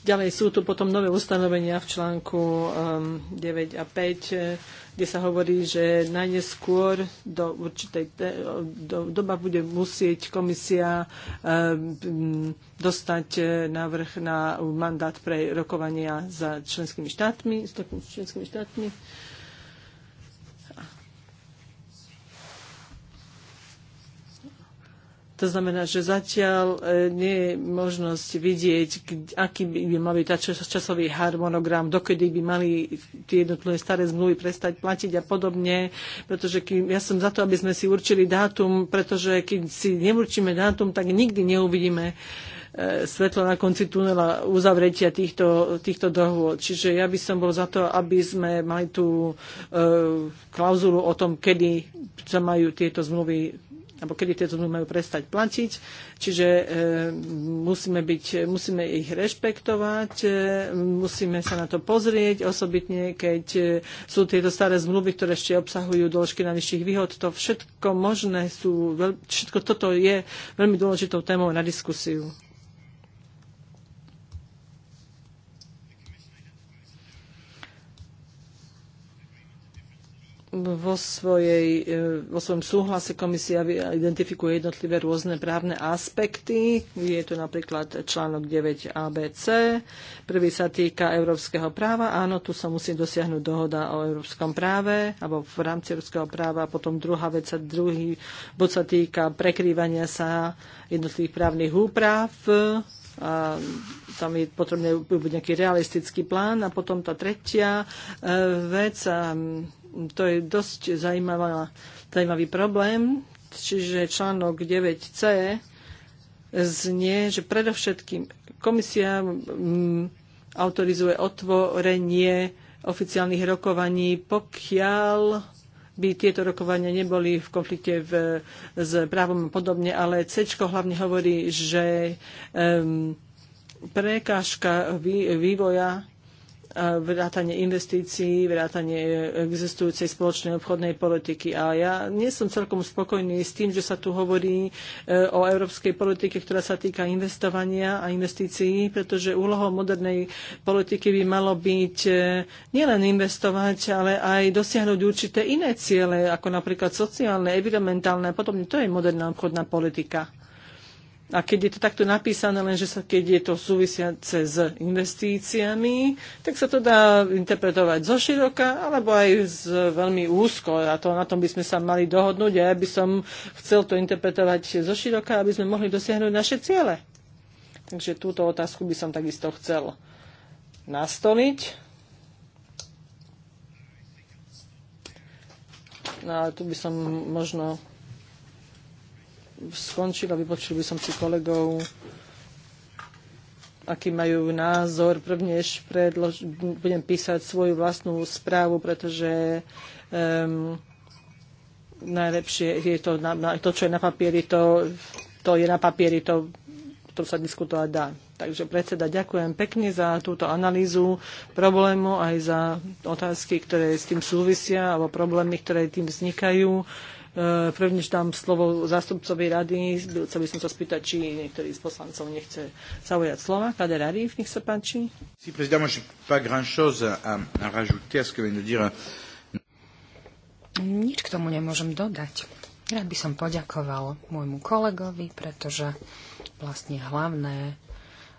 Speaker 3: Ďalej sú tu potom nové ustanovenia v článku 9 um, a 5, eh, kde sa hovorí, že najneskôr do určitej do, doba bude musieť komisia eh, mm, dostať eh, návrh na mandát pre rokovania za členskými štátmi, s členskými štátmi. To znamená, že zatiaľ e, nie je možnosť vidieť, aký by mal byť časový harmonogram, dokedy by mali tie jednotlivé staré zmluvy prestať platiť a podobne, pretože kým, ja som za to, aby sme si určili dátum, pretože keď si neurčíme dátum, tak nikdy neuvidíme e, svetlo na konci tunela uzavretia týchto, týchto dohôd. Čiže ja by som bol za to, aby sme mali tú e, klauzulu o tom, kedy sa majú tieto zmluvy alebo kedy tieto zmluvy majú prestať platiť. Čiže e, musíme, byť, musíme ich rešpektovať, e, musíme sa na to pozrieť, osobitne keď e, sú tieto staré zmluvy, ktoré ešte obsahujú dĺžky vyšších výhod. To všetko možné sú, všetko toto je veľmi dôležitou témou na diskusiu. vo, svojej, e, vo svojom súhlase komisia identifikuje jednotlivé rôzne právne aspekty. Je tu napríklad článok 9 ABC. Prvý sa týka európskeho práva. Áno, tu sa musí dosiahnuť dohoda o európskom práve alebo v rámci európskeho práva. Potom druhá vec sa, druhý bod sa týka prekrývania sa jednotlivých právnych úprav a tam je potrebné nejaký realistický plán. A potom tá tretia e, vec, to je dosť zaujímavá, zaujímavý problém, čiže článok 9c znie, že predovšetkým komisia mm, autorizuje otvorenie oficiálnych rokovaní, pokiaľ by tieto rokovania neboli v konflikte v, s právom a podobne, ale C hlavne hovorí, že um, prekážka vývoja vrátanie investícií, vrátanie existujúcej spoločnej obchodnej politiky. A ja nie som celkom spokojný s tým, že sa tu hovorí e, o európskej politike, ktorá sa týka investovania a investícií, pretože úlohou modernej politiky by malo byť e, nielen investovať, ale aj dosiahnuť určité iné ciele, ako napríklad sociálne, environmentálne a podobne. To je moderná obchodná politika. A keď je to takto napísané, lenže sa, keď je to súvisiace s investíciami, tak sa to dá interpretovať zo široka alebo aj z veľmi úzko. A to, na tom by sme sa mali dohodnúť a ja by som chcel to interpretovať zo široka, aby sme mohli dosiahnuť naše ciele. Takže túto otázku by som takisto chcel nastoliť. No, tu by som možno skončil a vypočul by som si kolegov, aký majú názor, prvnež predlož, budem písať svoju vlastnú správu, pretože um, najlepšie je to, na, na, to, čo je na papieri, to, to je na papieri, to, to sa diskutovať dá. Takže predseda, ďakujem pekne za túto analýzu problému, aj za otázky, ktoré s tým súvisia, alebo problémy, ktoré tým vznikajú. Prvnež eh, dám slovo zástupcovi rady, chcel by som sa spýtať, či niektorý z poslancov nechce zaujať slova. Kader Arif, nech sa páči.
Speaker 2: Si, prezident, môžem pas grand-chose a, à rajouter ce que vient de dire euh, nič k tomu nemôžem dodať. Rád by som poďakoval môjmu kolegovi, pretože vlastne hlavné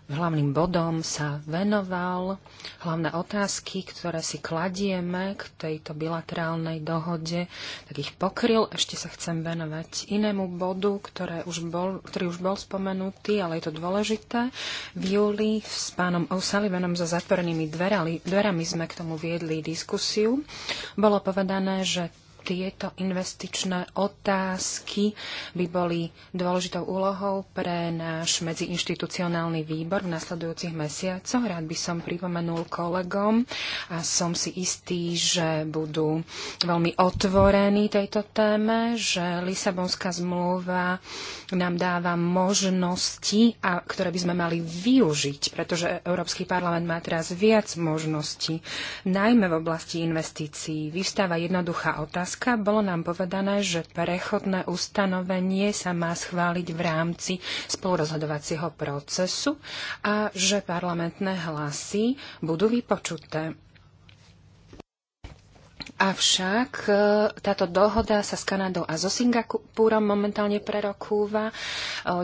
Speaker 2: hlavným bodom sa venoval. Hlavné otázky, ktoré si kladieme k tejto bilaterálnej dohode, tak ich pokryl. Ešte sa chcem venovať inému bodu, ktoré už bol, ktorý už bol spomenutý, ale je to dôležité. V júli s pánom O'Sullivanom za zatvorenými dverami, dverami sme k tomu viedli diskusiu. Bolo povedané, že tieto investičné otázky by boli dôležitou úlohou pre náš medziinštitucionálny výbor v nasledujúcich mesiacoch. Rád by som pripomenul kolegom a som si istý, že budú veľmi otvorení tejto téme, že Lisabonská zmluva nám dáva možnosti, a, ktoré by sme mali využiť, pretože Európsky parlament má teraz viac možností, najmä v oblasti investícií. Vystáva jednoduchá otázka, Grécka bolo nám povedané, že prechodné ustanovenie sa má schváliť v rámci spolurozhodovacieho procesu a že parlamentné hlasy budú vypočuté. Avšak e, táto dohoda sa s Kanadou a so Singapúrom momentálne prerokúva. E,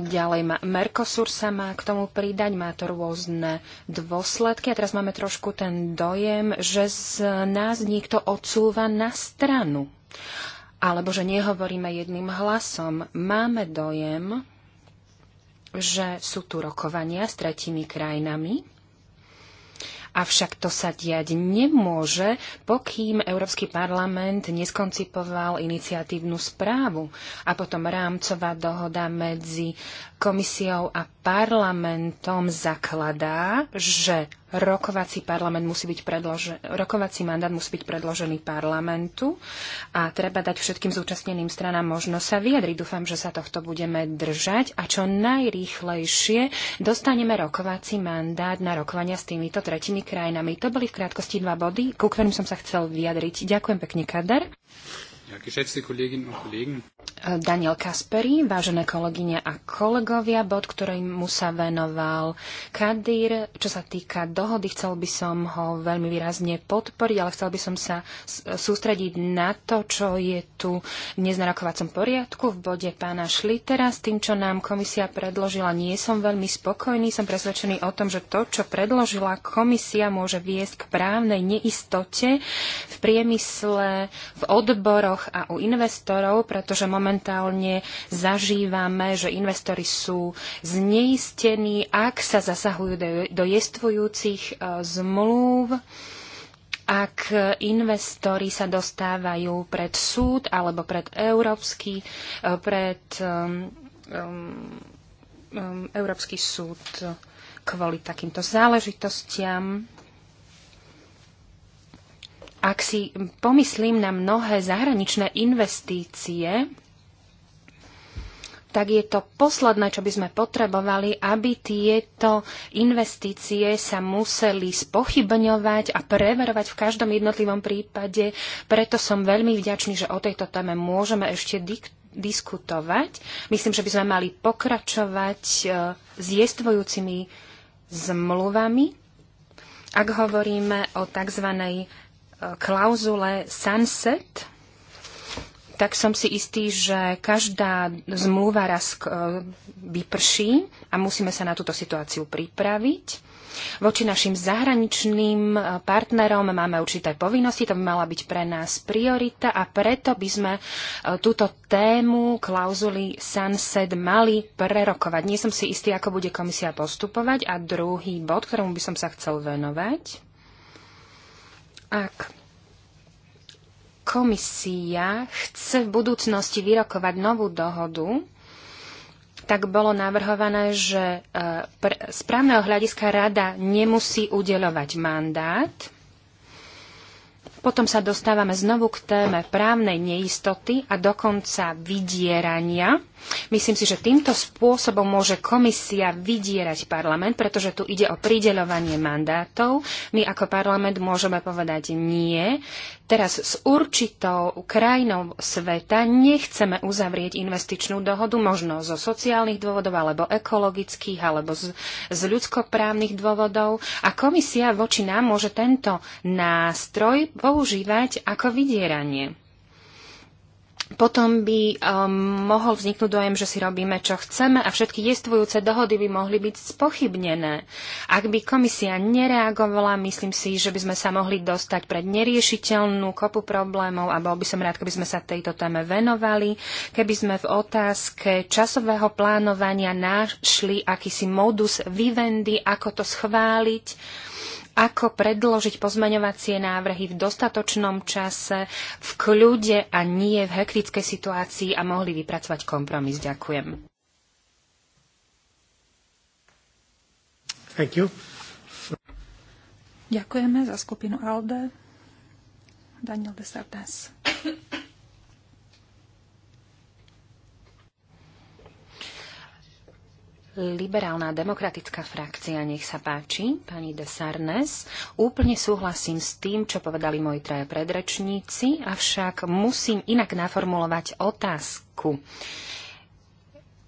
Speaker 2: ďalej ma, Mercosur sa má k tomu pridať, má to rôzne dôsledky. A teraz máme trošku ten dojem, že z nás niekto odsúva na stranu alebo že nehovoríme jedným hlasom. Máme dojem, že sú tu rokovania s tretími krajinami, Avšak to sa diať nemôže, pokým Európsky parlament neskoncipoval iniciatívnu správu a potom rámcová dohoda medzi komisiou a parlamentom zakladá, že rokovací, parlament musí byť predložen, rokovací mandát musí byť predložený parlamentu a treba dať všetkým zúčastneným stranám možnosť sa vyjadriť. Dúfam, že sa tohto budeme držať a čo najrýchlejšie dostaneme rokovací mandát na rokovania s týmito tretimi krajinami. To boli v krátkosti dva body, ku ktorým som sa chcel vyjadriť. Ďakujem pekne, Kader. E, Daniel Kaspery, vážené kolegyne a kolegovia, bod, ktorému sa venoval Kadir. Čo sa týka dohody, chcel by som ho veľmi výrazne podporiť, ale chcel by som sa sústrediť na to, čo je tu v neznarokovacom poriadku v bode pána Šlitera. S tým, čo nám komisia predložila, nie som veľmi spokojný. Som presvedčený o tom, že to, čo predložila komisia, môže viesť k právnej neistote v priemysle, v odboroch, trhoch a u investorov, pretože momentálne zažívame, že investori sú zneistení, ak sa zasahujú do, do jestvujúcich e, zmluv ak investori sa dostávajú pred súd alebo pred európsky, e, pred um, um, Európsky súd kvôli takýmto záležitostiam. Ak si pomyslím na mnohé zahraničné investície, tak je to posledné, čo by sme potrebovali, aby tieto investície sa museli spochybňovať a preverovať v každom jednotlivom prípade. Preto som veľmi vďačný, že o tejto téme môžeme ešte dik- diskutovať. Myslím, že by sme mali pokračovať e, s jestvojúcimi zmluvami, ak hovoríme o tzv klauzule sunset, tak som si istý, že každá zmluva raz eh, vyprší a musíme sa na túto situáciu pripraviť. Voči našim zahraničným eh, partnerom máme určité povinnosti, to by mala byť pre nás priorita a preto by sme eh, túto tému klauzuly sunset mali prerokovať. Nie som si istý, ako bude komisia postupovať a druhý bod, ktorému by som sa chcel venovať ak komisia chce v budúcnosti vyrokovať novú dohodu, tak bolo navrhované, že eh, z právneho hľadiska rada nemusí udeľovať mandát, potom sa dostávame znovu k téme právnej neistoty a dokonca vydierania. Myslím si, že týmto spôsobom môže komisia vydierať parlament, pretože tu ide o prideľovanie mandátov. My ako parlament môžeme povedať nie. Teraz s určitou krajinou sveta nechceme uzavrieť investičnú dohodu, možno zo sociálnych dôvodov, alebo ekologických, alebo z, z ľudskoprávnych dôvodov. A komisia voči nám môže tento nástroj používať ako vydieranie. Potom by um, mohol vzniknúť dojem, že si robíme, čo chceme a všetky jestvujúce dohody by mohli byť spochybnené. Ak by komisia nereagovala, myslím si, že by sme sa mohli dostať pred neriešiteľnú kopu problémov a bol by som rád, keby sme sa tejto téme venovali, keby sme v otázke časového plánovania našli akýsi modus vivendi, ako to schváliť ako predložiť pozmeňovacie návrhy v dostatočnom čase, v kľude a nie v hektickej situácii a mohli vypracovať kompromis. Ďakujem.
Speaker 1: Thank you. Ďakujeme za skupinu ALDE. Daniel Desartes.
Speaker 2: Liberálna demokratická frakcia, nech sa páči, pani de Sarnes. Úplne súhlasím s tým, čo povedali moji traja predrečníci, avšak musím inak naformulovať otázku.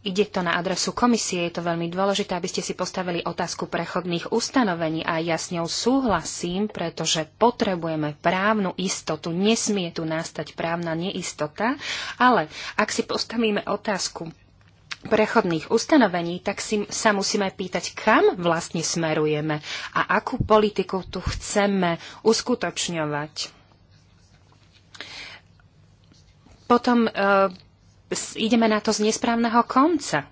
Speaker 2: Ide to na adresu komisie, je to veľmi dôležité, aby ste si postavili otázku prechodných ustanovení a ja s ňou súhlasím, pretože potrebujeme právnu istotu. Nesmie tu nastať právna neistota, ale ak si postavíme otázku prechodných ustanovení, tak si, sa musíme pýtať, kam vlastne smerujeme a akú politiku tu chceme uskutočňovať. Potom e, ideme na to z nesprávneho konca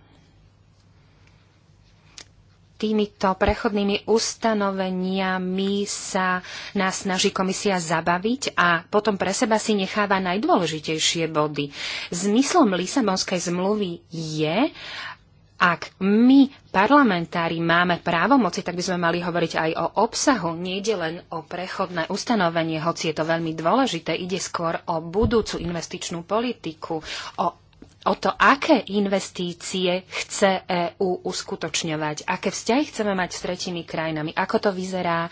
Speaker 2: týmito prechodnými ustanoveniami sa nás snaží komisia zabaviť a potom pre seba si necháva najdôležitejšie body. Zmyslom Lisabonskej zmluvy je, ak my, parlamentári, máme právomoci, tak by sme mali hovoriť aj o obsahu. Nejde len o prechodné ustanovenie, hoci je to veľmi dôležité. Ide skôr o budúcu investičnú politiku, o o to, aké investície chce EÚ uskutočňovať, aké vzťahy chceme mať s tretími krajinami, ako to vyzerá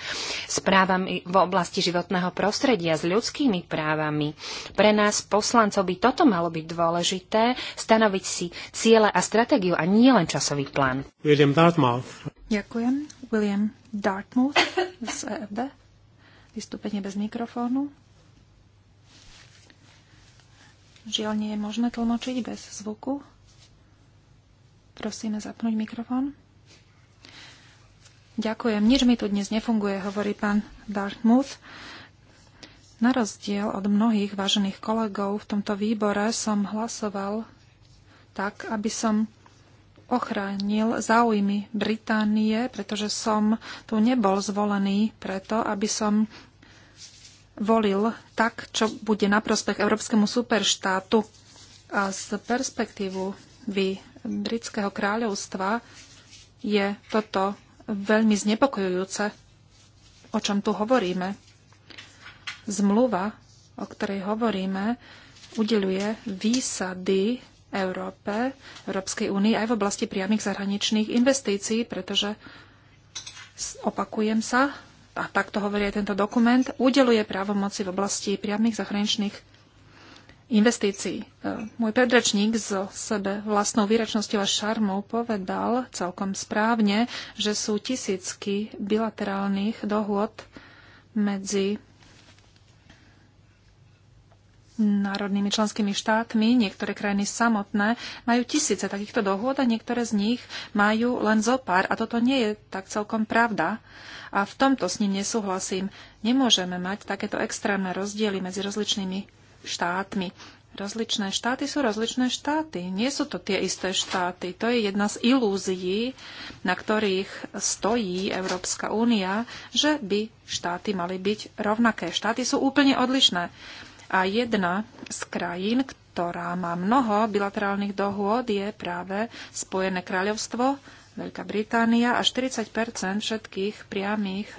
Speaker 2: s právami v oblasti životného prostredia, s ľudskými právami. Pre nás poslancov by toto malo byť dôležité, stanoviť si ciele a stratégiu a nie len časový plán.
Speaker 3: William Dartmouth.
Speaker 2: Ďakujem.
Speaker 1: William Dartmouth z EFD. Vystúpenie bez mikrofónu. Žiaľ, nie je možné tlmočiť bez zvuku. Prosíme zapnúť mikrofón. Ďakujem, nič mi tu dnes nefunguje, hovorí pán Dartmouth. Na rozdiel od mnohých vážených kolegov v tomto výbore som hlasoval tak, aby som ochránil záujmy Británie, pretože som tu nebol zvolený preto, aby som volil tak, čo bude na prospech európskemu superštátu. A z perspektívu vy britského kráľovstva je toto veľmi znepokojujúce, o čom tu hovoríme. Zmluva, o ktorej hovoríme, udeluje výsady Európe, Európskej únii aj v oblasti priamých zahraničných investícií, pretože, opakujem sa, a takto hovorí aj tento dokument, udeluje právomoci v oblasti priamých zahraničných investícií. E, môj predrečník so sebe vlastnou výračnosťou a šarmou povedal celkom správne, že sú tisícky bilaterálnych dohôd medzi národnými členskými štátmi, niektoré krajiny samotné majú tisíce takýchto dohôd a niektoré z nich majú len zo pár a toto nie je tak celkom pravda. A v tomto s ním nesúhlasím. Nemôžeme mať takéto extrémne rozdiely medzi rozličnými štátmi. Rozličné štáty sú rozličné štáty. Nie sú to tie isté štáty. To je jedna z ilúzií, na ktorých stojí Európska únia, že by štáty mali byť rovnaké. Štáty sú úplne odlišné. A jedna z krajín, ktorá má mnoho bilaterálnych dohôd, je práve Spojené kráľovstvo, Veľká Británia a 40 všetkých priamých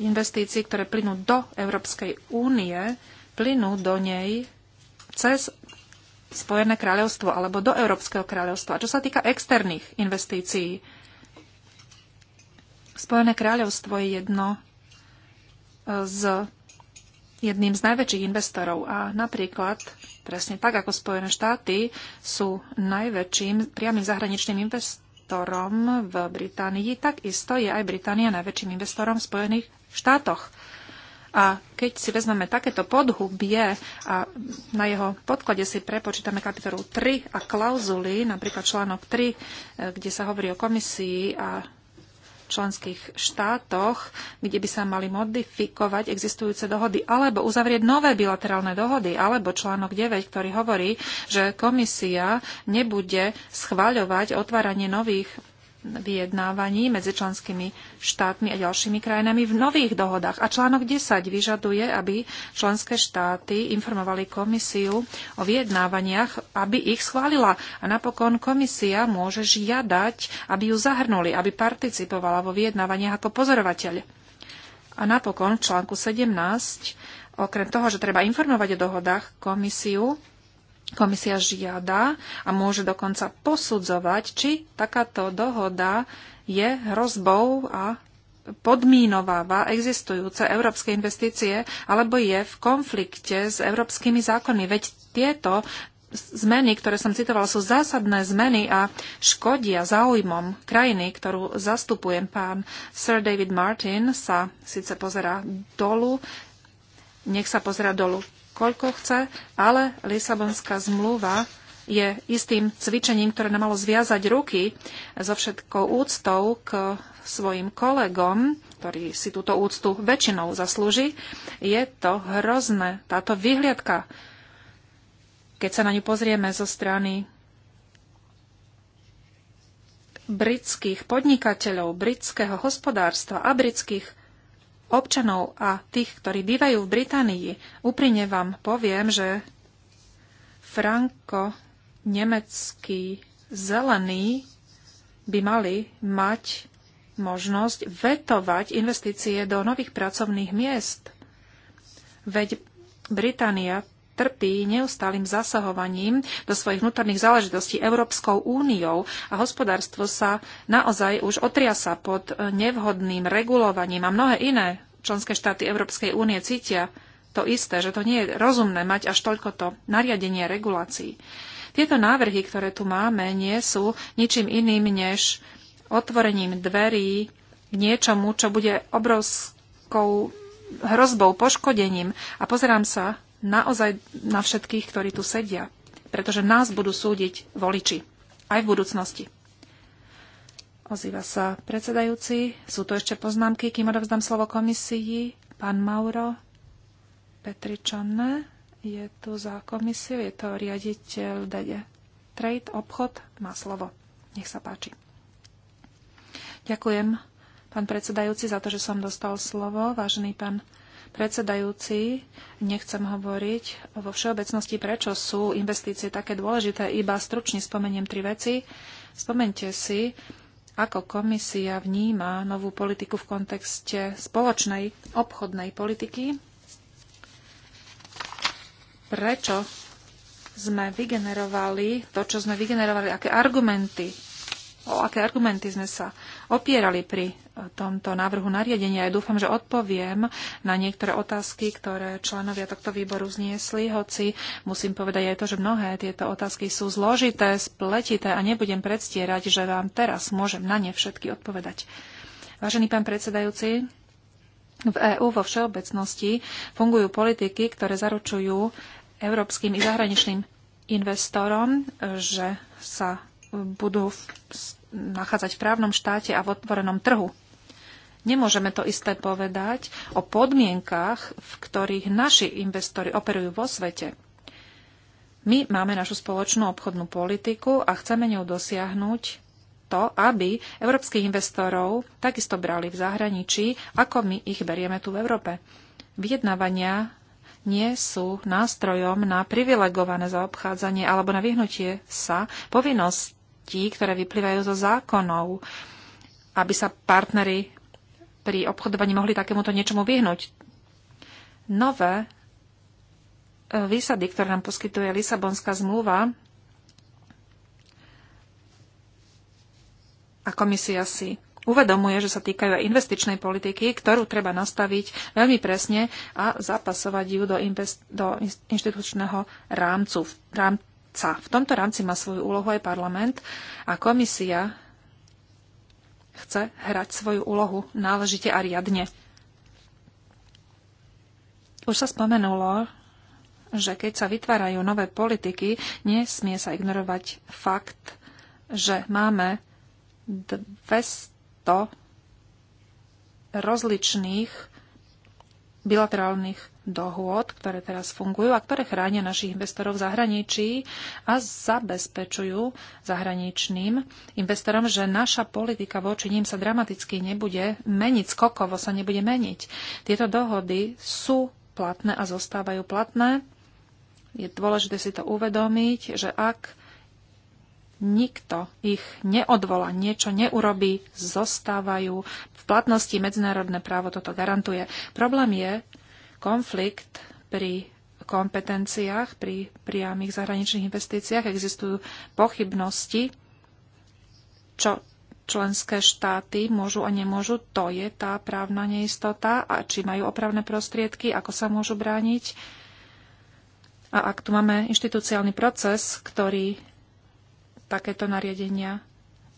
Speaker 1: investícií, ktoré plynú do Európskej únie, plynú do nej cez Spojené kráľovstvo alebo do Európskeho kráľovstva. A čo sa týka externých investícií, Spojené kráľovstvo je jedno z jedným z najväčších investorov a napríklad, presne tak ako Spojené štáty, sú najväčším priamým zahraničným investorom v Británii, takisto je aj Británia najväčším investorom v Spojených štátoch. A keď si vezmeme takéto podhubie a na jeho podklade si prepočítame kapitolu 3 a klauzuly, napríklad článok 3, eh, kde sa hovorí o komisii a členských štátoch, kde by sa mali modifikovať existujúce dohody, alebo uzavrieť nové bilaterálne dohody, alebo článok 9, ktorý hovorí, že komisia nebude schvaľovať otváranie nových vyjednávaní medzi členskými štátmi a ďalšími krajinami v nových dohodách. A článok 10 vyžaduje, aby členské štáty informovali komisiu o vyjednávaniach, aby ich schválila. A napokon komisia môže žiadať, aby ju zahrnuli, aby participovala vo vyjednávaniach ako pozorovateľ. A napokon v článku 17, okrem toho, že treba informovať o dohodách komisiu, Komisia žiada a môže dokonca posudzovať, či takáto dohoda je hrozbou a podmínováva existujúce európske investície alebo je v konflikte s európskymi zákonmi. Veď tieto zmeny, ktoré som citovala, sú zásadné zmeny a škodia záujmom krajiny, ktorú zastupujem. Pán Sir David Martin sa síce pozera dolu, nech sa pozera dolu koľko chce, ale Lisabonská zmluva je istým cvičením, ktoré nám malo zviazať ruky so všetkou úctou k svojim kolegom, ktorí si túto úctu väčšinou zaslúži. Je to hrozné, táto vyhliadka, keď sa na ňu pozrieme zo strany britských podnikateľov, britského hospodárstva a britských občanov a tých, ktorí bývajú v Británii, úprimne vám poviem, že franko-nemeckí zelení by mali mať možnosť vetovať investície do nových pracovných miest. Veď Británia trpí neustálým zasahovaním do svojich vnútorných záležitostí Európskou úniou a hospodárstvo sa naozaj už otriasa pod e, nevhodným regulovaním a mnohé iné členské štáty Európskej únie cítia to isté, že to nie je rozumné mať až toľko to nariadenie regulácií. Tieto návrhy, ktoré tu máme, nie sú ničím iným než otvorením dverí k niečomu, čo bude obrovskou hrozbou, poškodením. A pozerám sa naozaj na všetkých, ktorí tu sedia, pretože nás budú súdiť voliči aj v budúcnosti. Ozýva sa predsedajúci. Sú tu ešte poznámky, kým odovzdám slovo komisii. Pán Mauro Petričané, je tu za komisiu, je to riaditeľ DD Trade, obchod, má slovo. Nech sa páči. Ďakujem, pán predsedajúci, za to, že som dostal slovo. Vážený pán predsedajúci, nechcem hovoriť vo všeobecnosti, prečo sú investície také dôležité. Iba stručne spomeniem tri veci. Spomente si, ako komisia vníma novú politiku v kontexte spoločnej obchodnej politiky. Prečo sme vygenerovali to, čo sme vygenerovali, aké argumenty o aké argumenty sme sa opierali pri e, tomto návrhu nariadenia. Ja dúfam, že odpoviem na niektoré otázky, ktoré členovia tohto výboru zniesli, hoci musím povedať aj to, že mnohé tieto otázky sú zložité, spletité a nebudem predstierať, že vám teraz môžem na ne všetky odpovedať. Vážený pán predsedajúci, v EÚ vo všeobecnosti fungujú politiky, ktoré zaručujú európskym i zahraničným investorom, e, že sa budú nachádzať v právnom štáte a v otvorenom trhu. Nemôžeme to isté povedať o podmienkách, v ktorých naši investori operujú vo svete. My máme našu spoločnú obchodnú politiku a chceme ňou dosiahnuť to, aby európskych investorov takisto brali v zahraničí, ako my ich berieme tu v Európe. Vyjednávania nie sú nástrojom na privilegované zaobchádzanie alebo na vyhnutie sa povinnosť povinností, ktoré vyplývajú zo zákonov, aby sa partnery pri obchodovaní mohli takémuto niečomu vyhnúť. Nové e, výsady, ktoré nám poskytuje Lisabonská zmluva, a komisia si uvedomuje, že sa týkajú aj investičnej politiky, ktorú treba nastaviť veľmi presne a zapasovať ju do, invest- do inštitučného rámcu, v rám- poradca. V tomto rámci má svoju úlohu aj parlament a komisia chce hrať svoju úlohu náležite a riadne. Už sa spomenulo, že keď sa vytvárajú nové politiky, nesmie sa ignorovať fakt, že máme 200 rozličných bilaterálnych dohôd, ktoré teraz fungujú a ktoré chránia našich investorov v zahraničí a zabezpečujú zahraničným investorom, že naša politika voči ním sa dramaticky nebude meniť, skokovo sa nebude meniť. Tieto dohody sú platné a zostávajú platné. Je dôležité si to uvedomiť, že ak nikto ich neodvola, niečo neurobí, zostávajú. V platnosti medzinárodné právo toto garantuje. Problém je, konflikt pri kompetenciách, pri priamých zahraničných investíciách. Existujú pochybnosti, čo členské štáty môžu a nemôžu. To je tá právna neistota a či majú opravné prostriedky, ako sa môžu brániť. A ak tu máme inštitúciálny proces, ktorý takéto nariadenia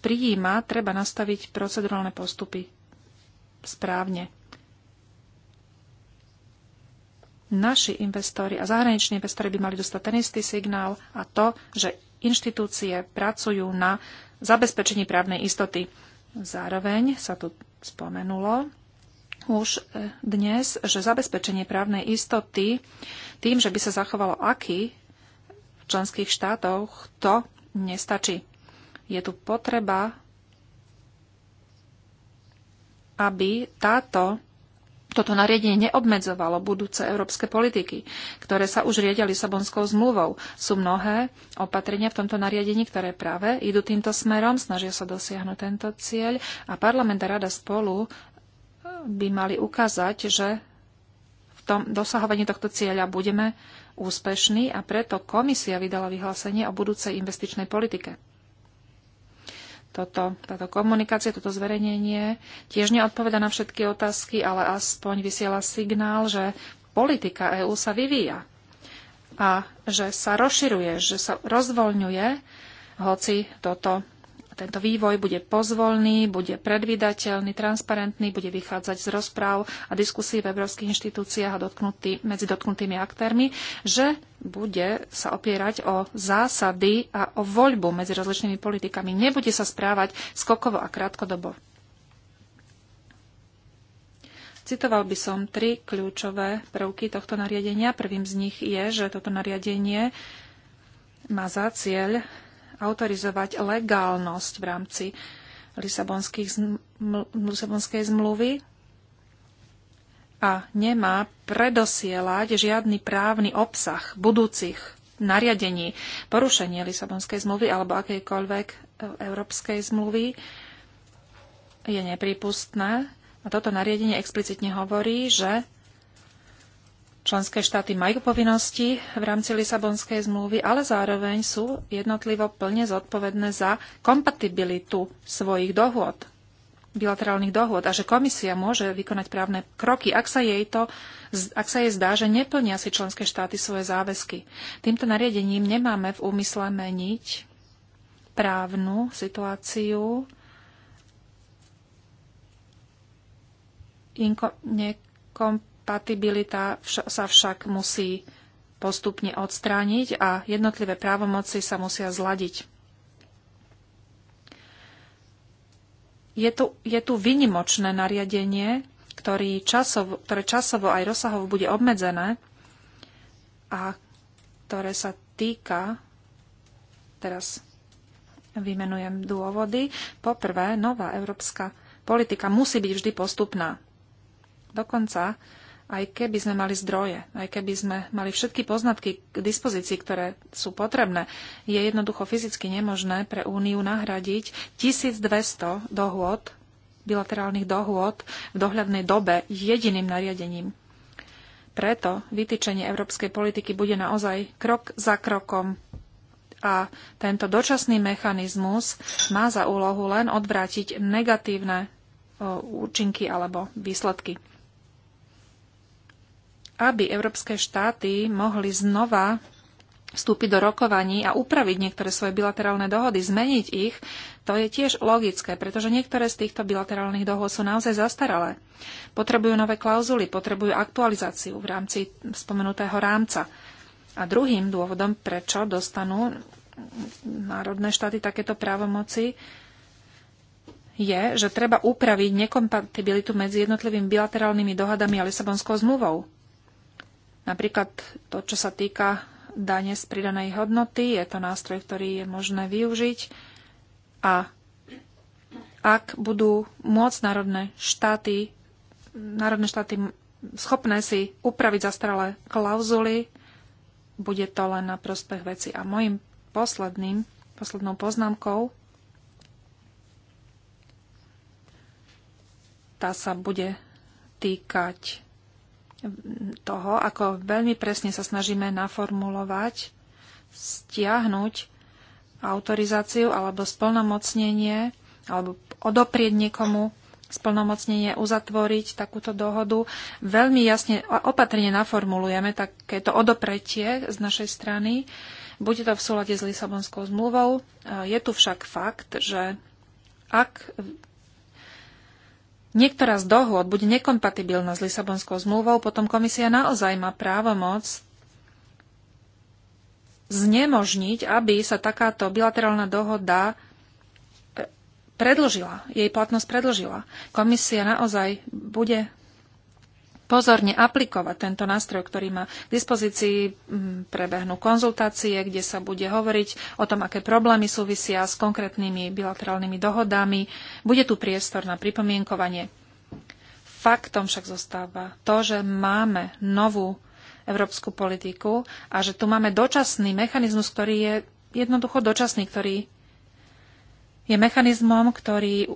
Speaker 1: prijíma, treba nastaviť procedurálne postupy správne. naši investori a zahraniční investori by mali dostať ten istý signál a to, že inštitúcie pracujú na zabezpečení právnej istoty. Zároveň sa tu spomenulo už e, dnes, že zabezpečenie právnej istoty tým, že by sa zachovalo aký v členských štátoch, to nestačí. Je tu potreba, aby táto toto nariadenie neobmedzovalo budúce európske politiky, ktoré sa už riedia Lisabonskou zmluvou. Sú mnohé opatrenia v tomto nariadení, ktoré práve idú týmto smerom, snažia sa dosiahnuť tento cieľ a parlament a rada spolu e, by mali ukázať, že v tom dosahovaní tohto cieľa budeme úspešní a preto komisia vydala vyhlásenie o budúcej investičnej politike toto, táto komunikácia, toto zverejnenie tiež neodpoveda na všetky otázky, ale aspoň vysiela signál, že politika EÚ sa vyvíja a že sa rozširuje, že sa rozvoľňuje, hoci toto tento vývoj bude pozvolný, bude predvídateľný, transparentný, bude vychádzať z rozpráv a diskusí v európskych inštitúciách a dotknutý, medzi dotknutými aktérmi, že bude sa opierať o zásady a o voľbu medzi rozličnými politikami. Nebude sa správať skokovo a krátkodobo. Citoval by som tri kľúčové prvky tohto nariadenia. Prvým z nich je, že toto nariadenie má za cieľ autorizovať legálnosť v rámci Lisabonskej zmluvy a nemá predosielať žiadny právny obsah budúcich nariadení. Porušenie Lisabonskej zmluvy alebo akejkoľvek e, európskej zmluvy je neprípustné. A toto nariadenie explicitne hovorí, že Členské štáty majú povinnosti v rámci Lisabonskej zmluvy, ale zároveň sú jednotlivo plne zodpovedné za kompatibilitu svojich dohôd, bilaterálnych dohôd a že komisia môže vykonať právne kroky, ak sa jej, to, ak sa jej zdá, že neplnia si členské štáty svoje záväzky. Týmto nariadením nemáme v úmysle meniť právnu situáciu inko- Kompatibilita sa však musí postupne odstrániť a jednotlivé právomoci sa musia zladiť. Je tu, je tu vynimočné nariadenie, ktorý časov, ktoré časovo aj rozsahovo bude obmedzené a ktoré sa týka, teraz vymenujem dôvody, poprvé, nová európska politika musí byť vždy postupná. Dokonca aj keby sme mali zdroje, aj keby sme mali všetky poznatky k dispozícii, ktoré sú potrebné, je jednoducho fyzicky nemožné pre Úniu nahradiť 1200 dohôd, bilaterálnych dohôd v dohľadnej dobe jediným nariadením. Preto vytýčenie európskej politiky bude naozaj krok za krokom a tento dočasný mechanizmus má za úlohu len odvrátiť negatívne účinky alebo výsledky aby európske štáty mohli znova vstúpiť do rokovaní a upraviť niektoré svoje bilaterálne dohody, zmeniť ich, to je tiež logické, pretože niektoré z týchto bilaterálnych dohod sú naozaj zastaralé. Potrebujú nové klauzuly, potrebujú aktualizáciu v rámci spomenutého rámca. A druhým dôvodom, prečo dostanú národné štáty takéto právomoci, je, že treba upraviť nekompatibilitu medzi jednotlivými bilaterálnymi dohadami a Lisabonskou zmluvou. Napríklad to, čo sa týka dane z pridanej hodnoty, je to nástroj, ktorý je možné využiť a ak budú môcť národné štáty, národné štáty schopné si upraviť zastaralé klauzuly, bude to len na prospech veci. A mojim posledným, poslednou poznámkou, tá sa bude týkať toho, ako veľmi presne sa snažíme naformulovať, stiahnuť autorizáciu alebo splnomocnenie alebo odoprieť niekomu splnomocnenie, uzatvoriť takúto dohodu. Veľmi jasne a opatrne naformulujeme takéto odopretie z našej strany. Bude to v súlade s Lisabonskou zmluvou. E, je tu však fakt, že ak niektorá z dohôd bude nekompatibilná s Lisabonskou zmluvou, potom komisia naozaj má právomoc znemožniť, aby sa takáto bilaterálna dohoda eh, predlžila, jej platnosť predlžila. Komisia naozaj bude pozorne aplikovať tento nástroj, ktorý má k dispozícii. Prebehnú konzultácie, kde sa bude hovoriť o tom, aké problémy súvisia s konkrétnymi bilaterálnymi dohodami. Bude tu priestor na pripomienkovanie. Faktom však zostáva to, že máme novú európsku politiku a že tu máme dočasný mechanizmus, ktorý je jednoducho dočasný, ktorý je mechanizmom, ktorý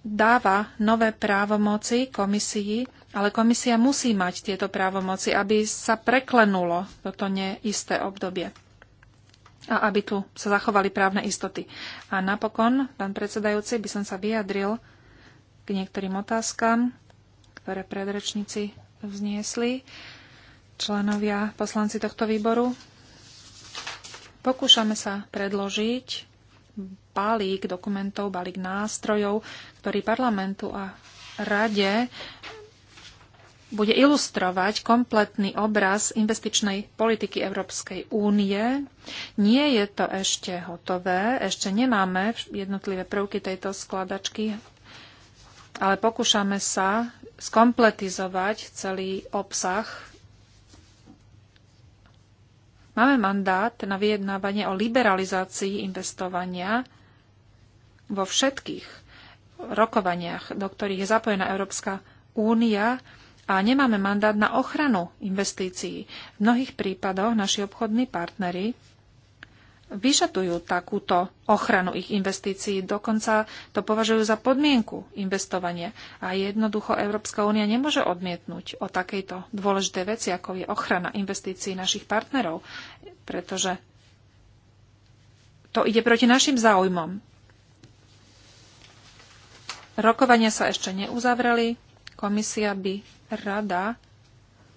Speaker 1: dáva nové právomoci komisii ale komisia musí mať tieto právomoci, aby sa preklenulo toto neisté obdobie a aby tu sa zachovali právne istoty. A napokon, pán predsedajúci, by som sa vyjadril k niektorým otázkam, ktoré predrečníci vzniesli, členovia, poslanci tohto výboru. Pokúšame sa predložiť balík dokumentov, balík nástrojov, ktorý parlamentu a rade bude ilustrovať kompletný obraz investičnej politiky Európskej únie. Nie je to ešte hotové, ešte nemáme jednotlivé prvky tejto skladačky, ale pokúšame sa skompletizovať celý obsah. Máme mandát na vyjednávanie o liberalizácii investovania vo všetkých rokovaniach, do ktorých je zapojená Európska únia a nemáme mandát na ochranu investícií. V mnohých prípadoch naši obchodní partnery vyžadujú takúto ochranu ich investícií, dokonca to považujú za podmienku investovania. A jednoducho Európska únia nemôže odmietnúť o takejto dôležité veci, ako je ochrana investícií našich partnerov, pretože to ide proti našim záujmom. Rokovania sa ešte neuzavreli, komisia by rada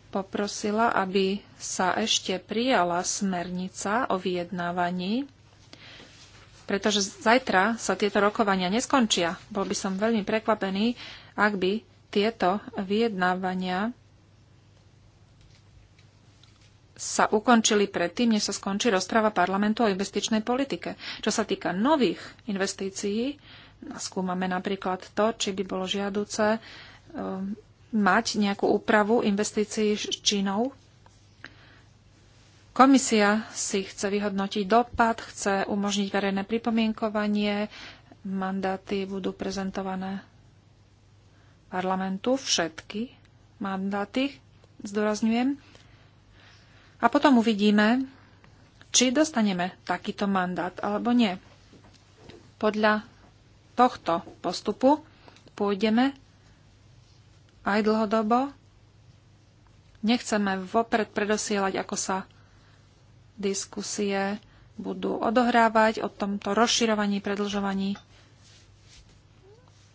Speaker 1: poprosila, aby sa ešte prijala smernica o vyjednávaní, pretože zajtra sa tieto rokovania neskončia. Bol by som veľmi prekvapený, ak by tieto vyjednávania sa ukončili predtým, než sa skončí rozpráva parlamentu o investičnej politike. Čo sa týka nových investícií, skúmame napríklad to, či by bolo žiaduce ehm, mať nejakú úpravu investícií s Čínou? Komisia si chce vyhodnotiť dopad, chce umožniť verejné pripomienkovanie, mandáty budú prezentované parlamentu, všetky mandáty, zdôrazňujem. A potom uvidíme, či dostaneme takýto mandát alebo nie. Podľa tohto postupu pôjdeme aj dlhodobo. Nechceme vopred predosielať, ako sa diskusie budú odohrávať o tomto rozširovaní, predlžovaní.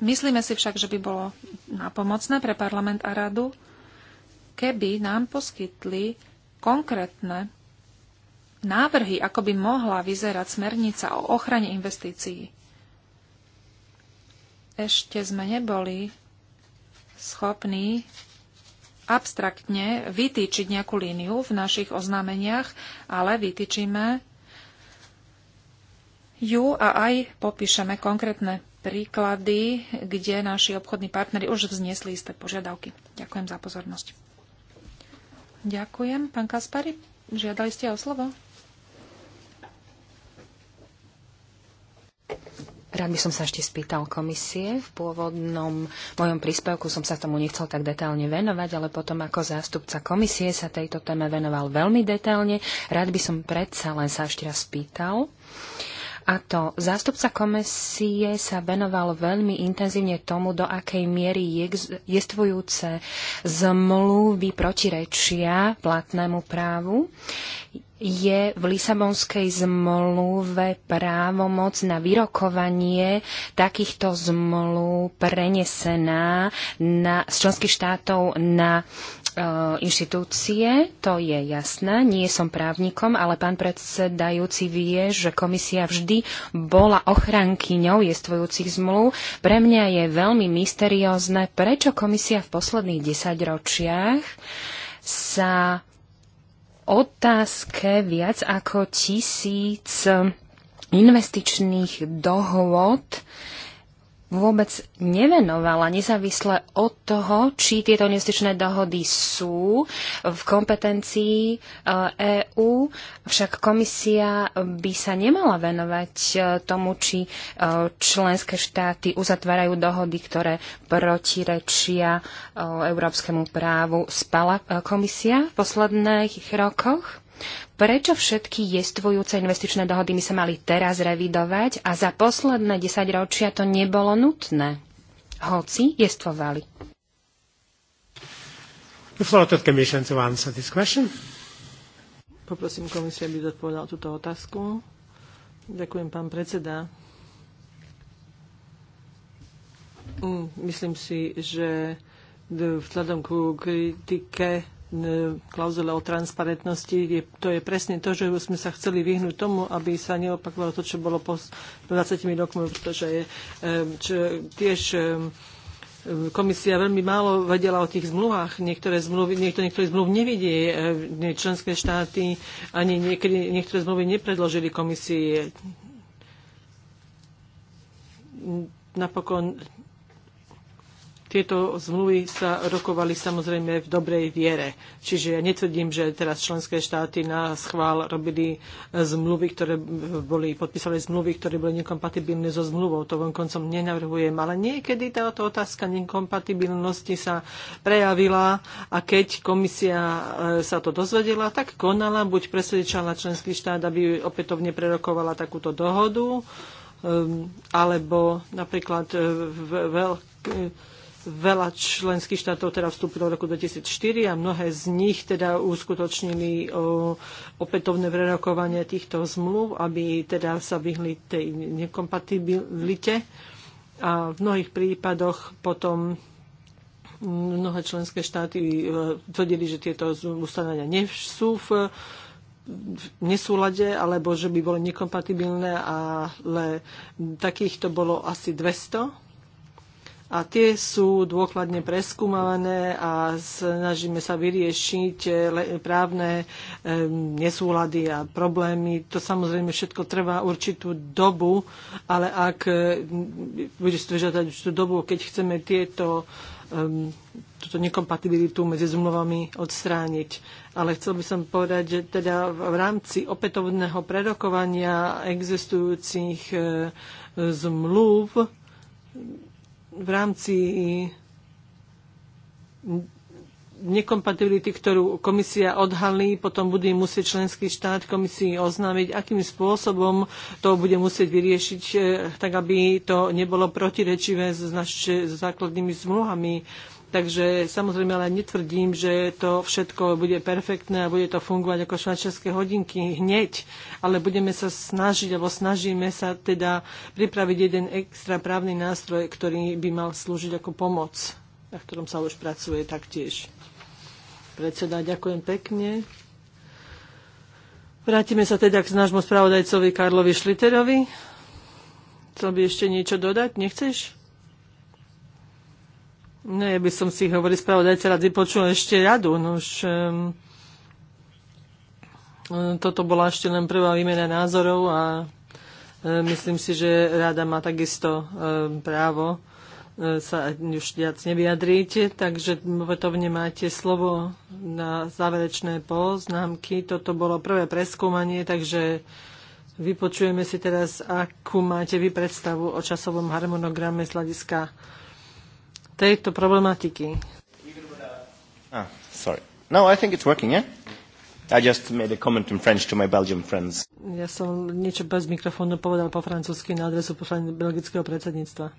Speaker 1: Myslíme si však, že by bolo napomocné pre parlament a radu, keby nám poskytli konkrétne návrhy, ako by mohla vyzerať smernica o ochrane investícií. Ešte sme neboli schopní abstraktne vytýčiť nejakú líniu v našich oznámeniach, ale vytýčime ju a aj popíšeme konkrétne príklady, kde naši obchodní partnery už vznesli isté požiadavky. Ďakujem za pozornosť. Ďakujem. Pán Kaspari, žiadali ste o slovo?
Speaker 2: Rád by som sa ešte spýtal komisie. V pôvodnom mojom príspevku som sa tomu nechcel tak detálne venovať, ale potom ako zástupca komisie sa tejto téme venoval veľmi detálne. Rád by som predsa len sa ešte raz spýtal. Uh, a to zástupca komisie sa venoval veľmi intenzívne tomu, do akej miery jestvujúce zmluvy protirečia platnému právu je v Lisabonskej zmluve právomoc na vyrokovanie takýchto zmluv prenesená na, z členských štátov na E, inštitúcie, to je jasné. Nie som právnikom, ale pán predsedajúci vie, že komisia vždy bola ochrankyňou jestvojúcich zmluv. Pre mňa je veľmi mysteriózne, prečo komisia v posledných desaťročiach sa otázke viac ako tisíc investičných dohôd vôbec nevenovala, nezávisle od toho, či tieto investičné dohody sú v kompetencii EÚ. Eh, e Však komisia by sa nemala venovať eh, tomu, či eh, členské štáty uzatvárajú dohody, ktoré protirečia európskemu právu. Spala komisia v posledných rokoch? Prečo všetky jestvujúce investičné dohody by sa mali teraz revidovať a za posledné 10 ročia to nebolo nutné? Hoci jestvovali. Poprosím komisiu, aby
Speaker 3: zodpovedal túto otázku. Ďakujem, pán predseda. Mm, myslím si, že vzhľadom ku kritike E, klauzula o transparentnosti, je, to je presne to, že sme sa chceli vyhnúť tomu, aby sa neopakovalo to, čo bolo po 20 rokmi, pretože e, čo, tiež e, Komisia veľmi málo vedela o tých zmluvách. Niektoré zmluvy, niekto, niektoré zmluv nevidie. Členské štáty ani niekedy, niektoré zmluvy nepredložili komisii. Napokon tieto zmluvy sa rokovali samozrejme v dobrej viere. Čiže ja netvrdím, že teraz členské štáty na schvál robili eh, zmluvy, ktoré boli, podpísali zmluvy, ktoré boli nekompatibilné so zmluvou. To vonkoncom nenavrhujem. Ale niekedy táto otázka nekompatibilnosti sa prejavila a keď komisia eh, sa to dozvedela, tak konala, buď presvedčala členský štát, aby opätovne prerokovala takúto dohodu, ehm, alebo napríklad eh, veľký Veľa členských štátov teda vstúpilo v roku 2004 a mnohé z nich teda uskutočnili opätovné prerokovanie týchto zmluv, aby teda sa vyhli tej nekompatibilite. A v mnohých prípadoch potom mnohé členské štáty e, tvrdili, že tieto ustanovenia nie sú v v nesúlade, alebo že by boli nekompatibilné, ale takýchto bolo asi 200 a tie sú dôkladne preskúmané a snažíme sa vyriešiť eh, právne nesúlady a problémy. To samozrejme všetko trvá určitú dobu, ale ak eh, bude si to určitú dobu, keď chceme tieto túto nekompatibilitu medzi zmluvami odstrániť. Ale chcel by som povedať, že teda v rámci opätovného prerokovania existujúcich eh, zmluv v rámci nekompatibility, ktorú komisia odhalí, potom bude musieť členský štát komisii oznámiť, akým spôsobom to bude musieť vyriešiť, eh, tak aby to nebolo protirečivé s našimi základnými zmluvami Takže samozrejme, ale netvrdím, že to všetko bude perfektné a bude to fungovať ako švajčiarske hodinky hneď, ale budeme sa snažiť, alebo snažíme sa teda pripraviť jeden extra právny nástroj, ktorý by mal slúžiť ako pomoc, na ktorom sa už pracuje taktiež. Predseda, ďakujem pekne. Vrátime sa teda k nášmu spravodajcovi Karlovi Šliterovi. Chcel by ešte niečo dodať? Nechceš? No ja by som si hovoril spravodajca rád vypočul ešte radu. No už, um, toto bola ešte len prvá výmena názorov a um, myslím si, že rada má takisto um, právo sa už viac nevyjadriť, takže opätovne máte slovo na záverečné poznámky. Toto bolo prvé preskúmanie, takže vypočujeme si teraz, akú máte vy predstavu o časovom harmonograme z hľadiska tejto problematiky.
Speaker 2: Ah, sorry. No, I think it's working, yeah? I just made a comment in French to my Belgian friends.
Speaker 3: Ja som niečo bez mikrofónu povedal po francúzsky na adresu belgického predsedníctva.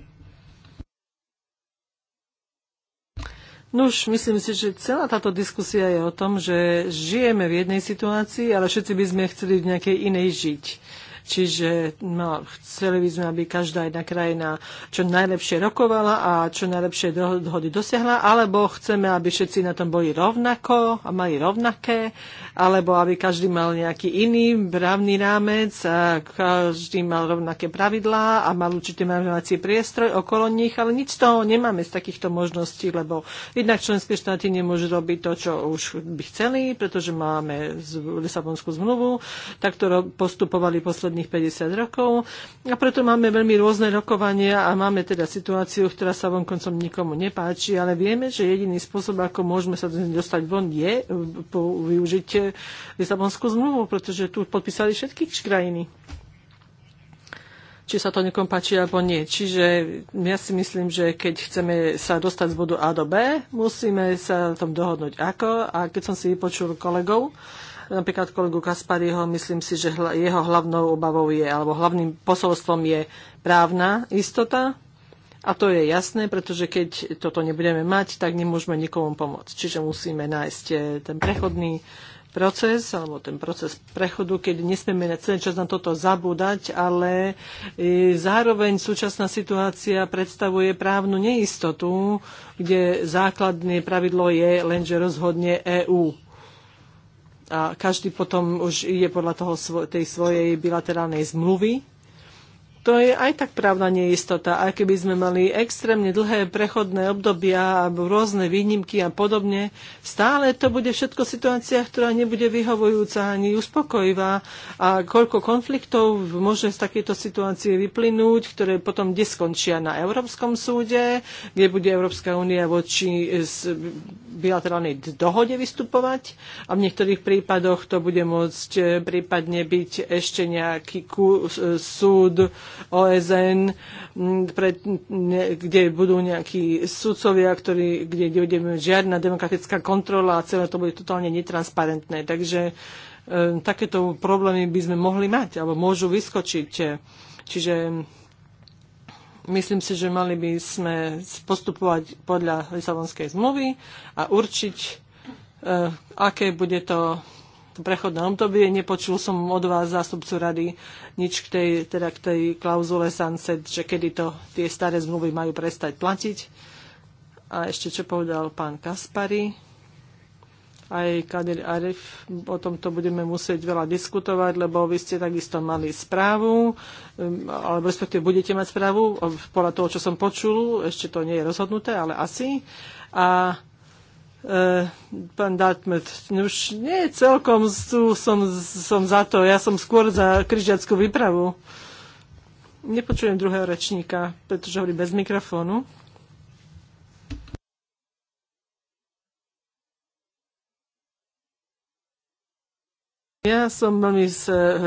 Speaker 3: Nuž, myslím si, že celá táto diskusia je o tom, že žijeme v jednej situácii, ale všetci by sme chceli v nejakej inej žiť. Čiže no, chceli by sme, aby každá jedna krajina čo najlepšie rokovala a čo najlepšie dohody dosiahla, alebo chceme, aby všetci na tom boli rovnako a mali rovnaké, alebo aby každý mal nejaký iný právny rámec a každý mal rovnaké pravidlá a mal určitý manévrovací priestroj okolo nich, ale nič z toho nemáme z takýchto možností, lebo jednak členské štáty nemôžu robiť to, čo už by chceli, pretože máme Lisabonskú zmluvu, takto postupovali poslední posledných 50 rokov. A preto máme veľmi rôzne rokovania a máme teda situáciu, ktorá sa vonkoncom nikomu nepáči, ale vieme, že jediný spôsob, ako môžeme sa dostať von, je e, využiť e, Lisabonskú zmluvu, pretože tu podpísali všetky krajiny či sa to nekom páči alebo nie. Čiže ja si myslím, že keď chceme sa dostať z bodu A do B, musíme sa tom dohodnúť ako. A keď som si vypočul kolegov, napríklad kolegu Kaspariho, myslím si, že jeho hlavnou obavou je, alebo hlavným posolstvom je právna istota. A to je jasné, pretože keď toto nebudeme mať, tak nemôžeme nikomu pomôcť. Čiže musíme nájsť eh, ten prechodný proces, alebo ten proces prechodu, keď nesmieme na celý čas na toto zabúdať, ale eh, zároveň súčasná situácia predstavuje právnu neistotu, kde základné pravidlo je len, že rozhodne EÚ a každý potom už ide podľa toho, tej svojej bilaterálnej zmluvy to je aj tak právna neistota. Aj keby sme mali extrémne dlhé prechodné obdobia a rôzne výnimky a podobne, stále to bude všetko situácia, ktorá nebude vyhovujúca ani uspokojivá. A koľko konfliktov môže z takéto situácie vyplynúť, ktoré potom skončia na Európskom súde, kde bude Európska únia voči bilaterálnej dohode vystupovať a v niektorých prípadoch to bude môcť eh, prípadne byť ešte nejaký súd, OSN, pre, ne, kde budú nejakí sudcovia, ktorí, kde nebude žiadna demokratická kontrola a celé to bude totálne netransparentné. Takže e, takéto problémy by sme mohli mať alebo môžu vyskočiť. Čiže myslím si, že mali by sme postupovať podľa Lisabonskej zmluvy a určiť, e, aké bude to prechodné obdobie. Nepočul som od vás zástupcu rady nič k tej, teda k tej klauzule sunset, že kedy to tie staré zmluvy majú prestať platiť. A ešte čo povedal pán Kaspari. Aj Kadir Arif, o tomto budeme musieť veľa diskutovať, lebo vy ste takisto mali správu, um, alebo respektíve budete mať správu, podľa toho, čo som počul, ešte to nie je rozhodnuté, ale asi. A Eh, pán Dartmouth, no už nie celkom sú, som, som za to, ja som skôr za križiackú výpravu. Nepočujem druhého rečníka, pretože hovorí bez mikrofónu. Ja som veľmi eh,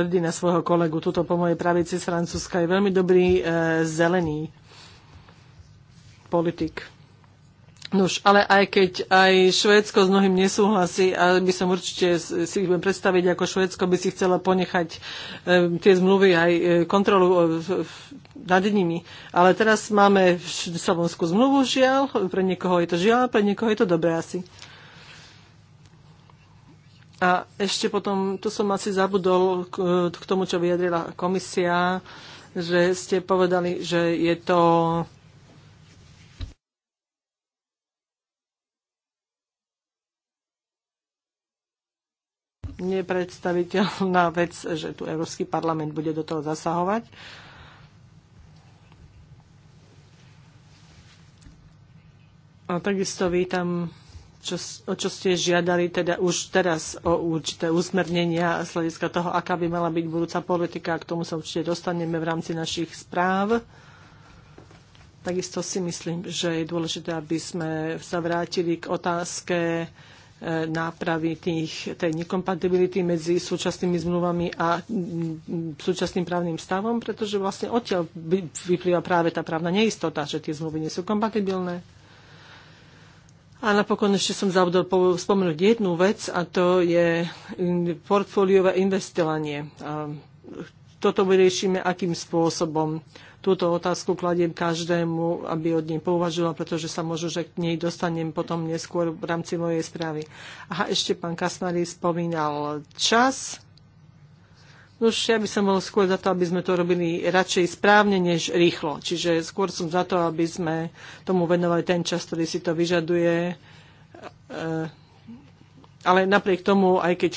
Speaker 3: hrdý na svojho kolegu, tuto po mojej pravici z Francúzska. Je veľmi dobrý e, zelený politik. Nož, ale aj keď aj Švédsko s mnohým nesúhlasí, a by som určite si ich predstaviť, ako Švédsko by si chcelo ponechať e, tie zmluvy aj e, kontrolu e, nad nimi. Ale teraz máme Slovensku zmluvu, žiaľ, pre niekoho je to žiaľ, pre niekoho je to dobré asi. A ešte potom, tu som asi zabudol k, e, k tomu, čo vyjadrila komisia, že ste povedali, že je to nepredstaviteľná vec, že tu Európsky parlament bude do toho zasahovať. A takisto vítam, čo, o čo ste žiadali teda už teraz o určité usmernenia z hľadiska toho, aká by mala byť budúca politika. K tomu sa určite dostaneme v rámci našich správ. Takisto si myslím, že je dôležité, aby sme sa vrátili k otázke E, nápravy tých, tej nekompatibility medzi súčasnými zmluvami a súčasným právnym stavom, pretože vlastne odtiaľ vyplýva práve tá právna neistota, že tie zmluvy nie sú kompatibilné. A napokon ešte som zabudol spomenúť jednu vec a to je portfóliové investovanie. Toto vyriešime akým spôsobom túto otázku kladiem každému, aby od nej pouvažoval, pretože sa možno, že k nej dostanem potom neskôr v rámci mojej správy. Aha, ešte pán Kasnari spomínal čas. No už ja by som bol skôr za to, aby sme to robili radšej správne, než rýchlo. Čiže skôr som za to, aby sme tomu venovali ten čas, ktorý si to vyžaduje. E, ale napriek tomu, aj keď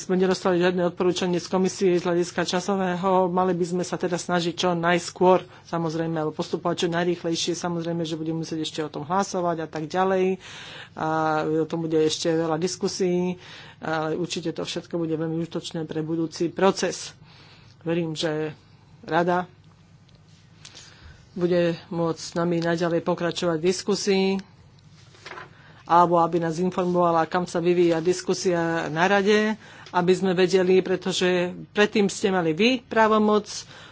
Speaker 3: sme nedostali žiadne odporúčanie z komisie z hľadiska časového, mali by sme sa teda snažiť čo najskôr, samozrejme, alebo postupovať čo najrýchlejšie, samozrejme, že budeme musieť ešte o tom hlasovať a tak ďalej. A o tom bude ešte veľa diskusí, ale určite to všetko bude veľmi útočné pre budúci proces. Verím, že rada bude môcť s nami naďalej pokračovať v diskusii alebo aby nás informovala, kam sa vyvíja diskusia na rade, aby sme vedeli, pretože predtým ste mali vy právomoc,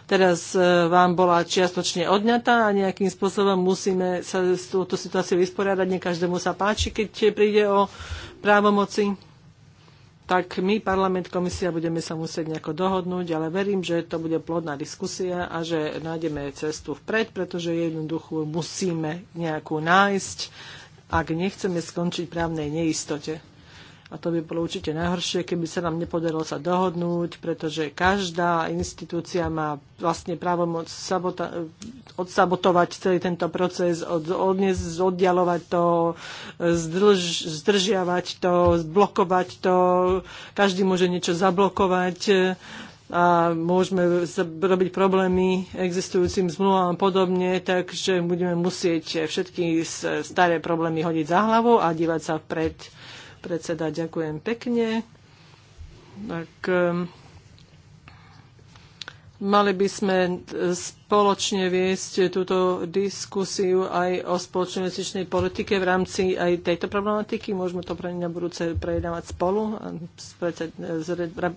Speaker 3: teraz e, vám bola čiastočne odňatá a nejakým spôsobom musíme sa s touto situáciou vysporiadať. Nie každému sa páči, keď príde o právomoci tak my, parlament, komisia, budeme sa musieť nejako dohodnúť, ale verím, že to bude plodná diskusia a že nájdeme cestu vpred, pretože jednoducho musíme nejakú nájsť ak nechceme skončiť právnej neistote. A to by bolo určite najhoršie, keby sa nám nepodarilo sa dohodnúť, pretože každá inštitúcia má vlastne právomoc sabota- odsabotovať celý tento proces, od- odnes- oddialovať to, zdrž- zdržiavať to, zblokovať to. Každý môže niečo zablokovať a môžeme robiť problémy existujúcim zmluvám a podobne, takže budeme musieť všetky staré problémy hodiť za hlavou a dívať sa vpred. Predseda, ďakujem pekne. Tak, ehm, Mali by sme e, spoločne viesť túto diskusiu aj o spoločnej investičnej politike v rámci aj tejto problematiky. Môžeme to pre na budúce prejednávať spolu. E,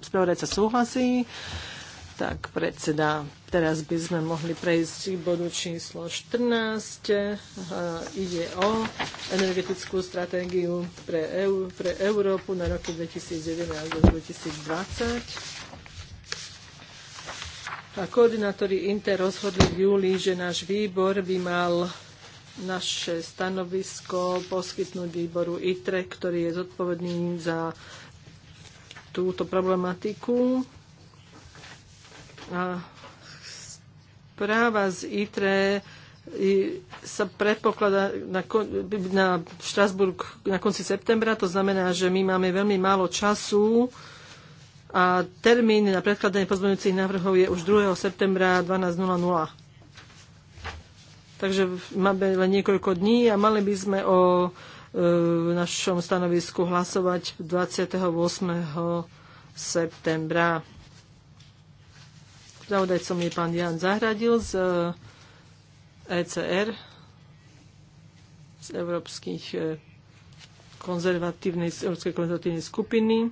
Speaker 3: spravodajca súhlasí. Tak, predseda, teraz by sme mohli prejsť k bodu číslo 14. E, ide o energetickú stratégiu pre, EU, pre Európu na roky 2019 až 2020. A koordinátori Inter rozhodli v júli, že náš výbor by mal naše stanovisko poskytnúť výboru ITRE, ktorý je zodpovedný za túto problematiku. A práva z ITRE sa predpokladá na, na Štrasburg na konci septembra, to znamená, že my máme veľmi málo času a termín na predkladanie pozmeňujúcich návrhov je už 2. septembra 12.00. Takže máme len niekoľko dní a mali by sme o v e, našom stanovisku hlasovať 28. septembra. Spravodajcom je pán Jan Zahradil z ECR, e z Európskych e, konzervatívnej, z Európskej konzervatívnej skupiny.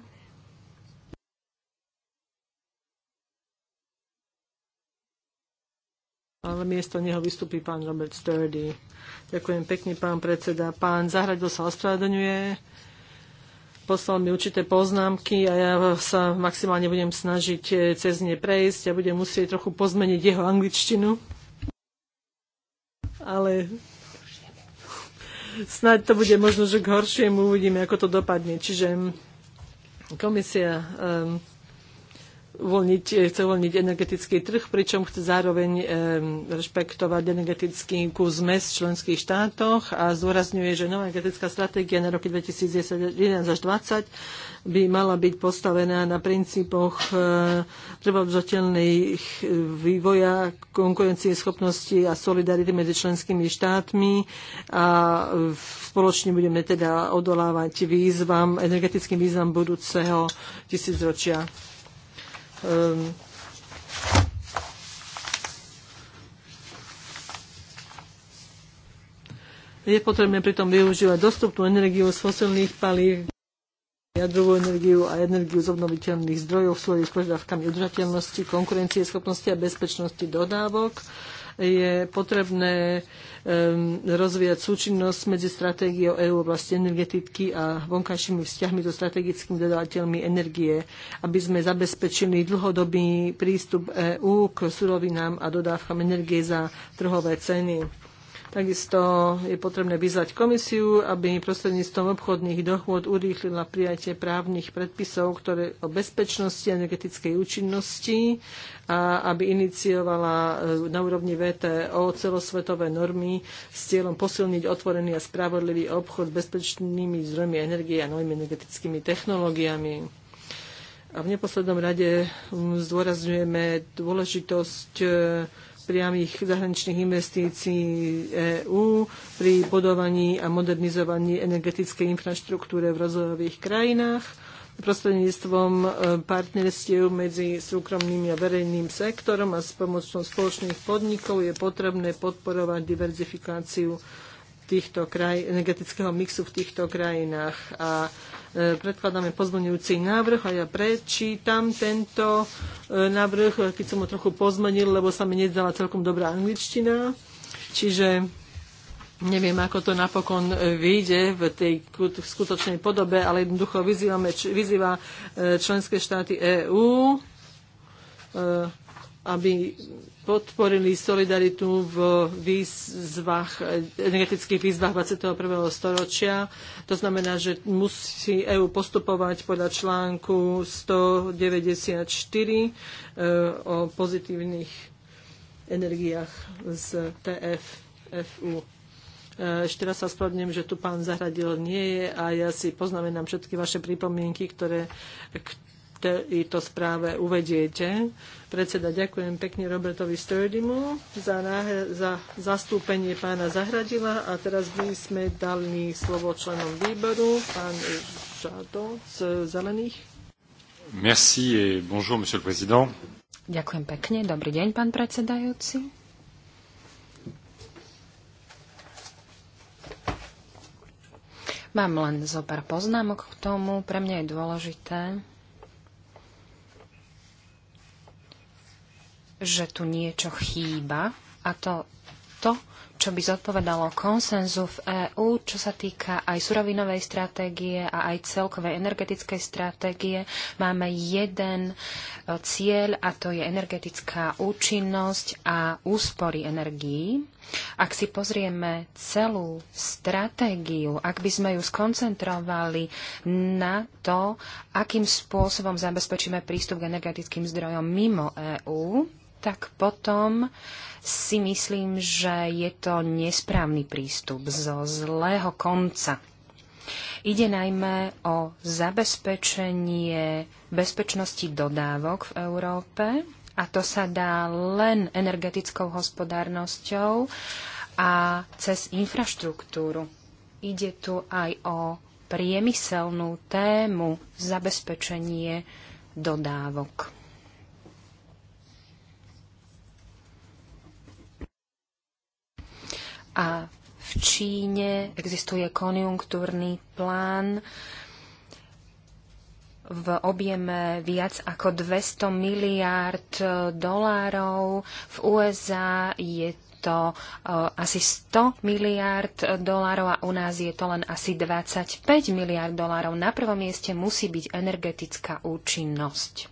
Speaker 3: ale miesto neho vystupí pán Robert Sturdy. Ďakujem pekne, pán predseda. Pán Zahradil sa ospravedlňuje, poslal mi určité poznámky a ja sa maximálne budem snažiť eh, cez ne prejsť a budem musieť trochu pozmeniť jeho angličtinu. Ale snáď to bude možno, že k horšiemu uvidíme, ako to dopadne. Čiže mm, komisia um, uvoľniť, e, chce uvoľniť energetický trh, pričom chce zároveň e, rešpektovať energetický kus mes v členských štátoch a zdôrazňuje, že nová energetická stratégia na roky 2011 až 2020 by mala byť postavená na princípoch e, vývoja, konkurencie schopnosti a solidarity medzi členskými štátmi a spoločne budeme teda odolávať výzvam, energetickým výzvam budúceho tisícročia um, je potrebné pritom využívať dostupnú energiu z fosilných palív, jadrovú energiu a energiu z obnoviteľných zdrojov v svojich požiadavkami udržateľnosti, konkurencie, schopnosti a bezpečnosti dodávok je potrebné ehm, rozvíjať súčinnosť medzi stratégiou EÚ v oblasti energetiky a vonkajšími vzťahmi so strategickými dodávateľmi energie, aby sme zabezpečili dlhodobý prístup EÚ k surovinám a dodávkam energie za trhové ceny Takisto je potrebné vyzvať komisiu, aby prostredníctvom obchodných dohôd urýchlila prijatie právnych predpisov ktoré o bezpečnosti a energetickej účinnosti a aby iniciovala e, na úrovni VTO celosvetové normy s cieľom posilniť otvorený a spravodlivý obchod s bezpečnými zdrojmi energie a novými energetickými technológiami. A v neposlednom rade zdôrazňujeme dôležitosť e, priamých zahraničných investícií EÚ pri budovaní a modernizovaní energetickej infraštruktúre v rozvojových krajinách prostredníctvom e, partnerstiev medzi súkromným a verejným sektorom a s pomocou spoločných podnikov je potrebné podporovať diverzifikáciu týchto kraj, energetického mixu v týchto krajinách. A predkladáme pozmenujúci návrh a ja prečítam tento e, návrh, e, keď som ho trochu pozmenil, lebo sa mi nezdala celkom dobrá angličtina. Čiže Neviem, ako to napokon e, vyjde v tej skutočnej podobe, ale jednoducho vyzývame, vyzýva členské štáty EÚ, aby podporili solidaritu v výzvach, energetických výzvach 21. storočia. To znamená, že musí EÚ postupovať podľa článku 194 e, o pozitívnych energiách z TFFU. E, ešte raz sa spravdnem, že tu pán Zahradil nie je a ja si poznamenám všetky vaše pripomienky, ktoré, tejto správe uvediete. Predseda, ďakujem pekne Robertovi Sturdymu za, za zastúpenie pána Zahradila a teraz by sme dali slovo členom výboru, pán Žado z Zelených. Merci et bonjour, monsieur le président.
Speaker 2: Ďakujem pekne. Dobrý deň, pán predsedajúci. Mám len zo pár poznámok k tomu. Pre mňa je dôležité, že tu niečo chýba a to, to čo by zodpovedalo konsenzu v EÚ, čo sa týka aj surovinovej stratégie a aj celkovej energetickej stratégie. Máme jeden e, cieľ a to je energetická účinnosť a úspory energií. Ak si pozrieme celú stratégiu, ak by sme ju skoncentrovali na to, akým spôsobom zabezpečíme prístup k energetickým zdrojom mimo EÚ, tak potom si myslím, že je to nesprávny prístup zo zlého konca. Ide najmä o zabezpečenie bezpečnosti dodávok v Európe a to sa dá len energetickou hospodárnosťou a cez infraštruktúru. Ide tu aj o priemyselnú tému zabezpečenie dodávok. a v Číne existuje konjunktúrny plán v objeme viac ako 200 miliárd e, dolárov. V USA je to e, asi 100 miliárd e, dolárov a u nás je to len asi 25 miliárd dolárov. Na prvom mieste musí byť energetická účinnosť.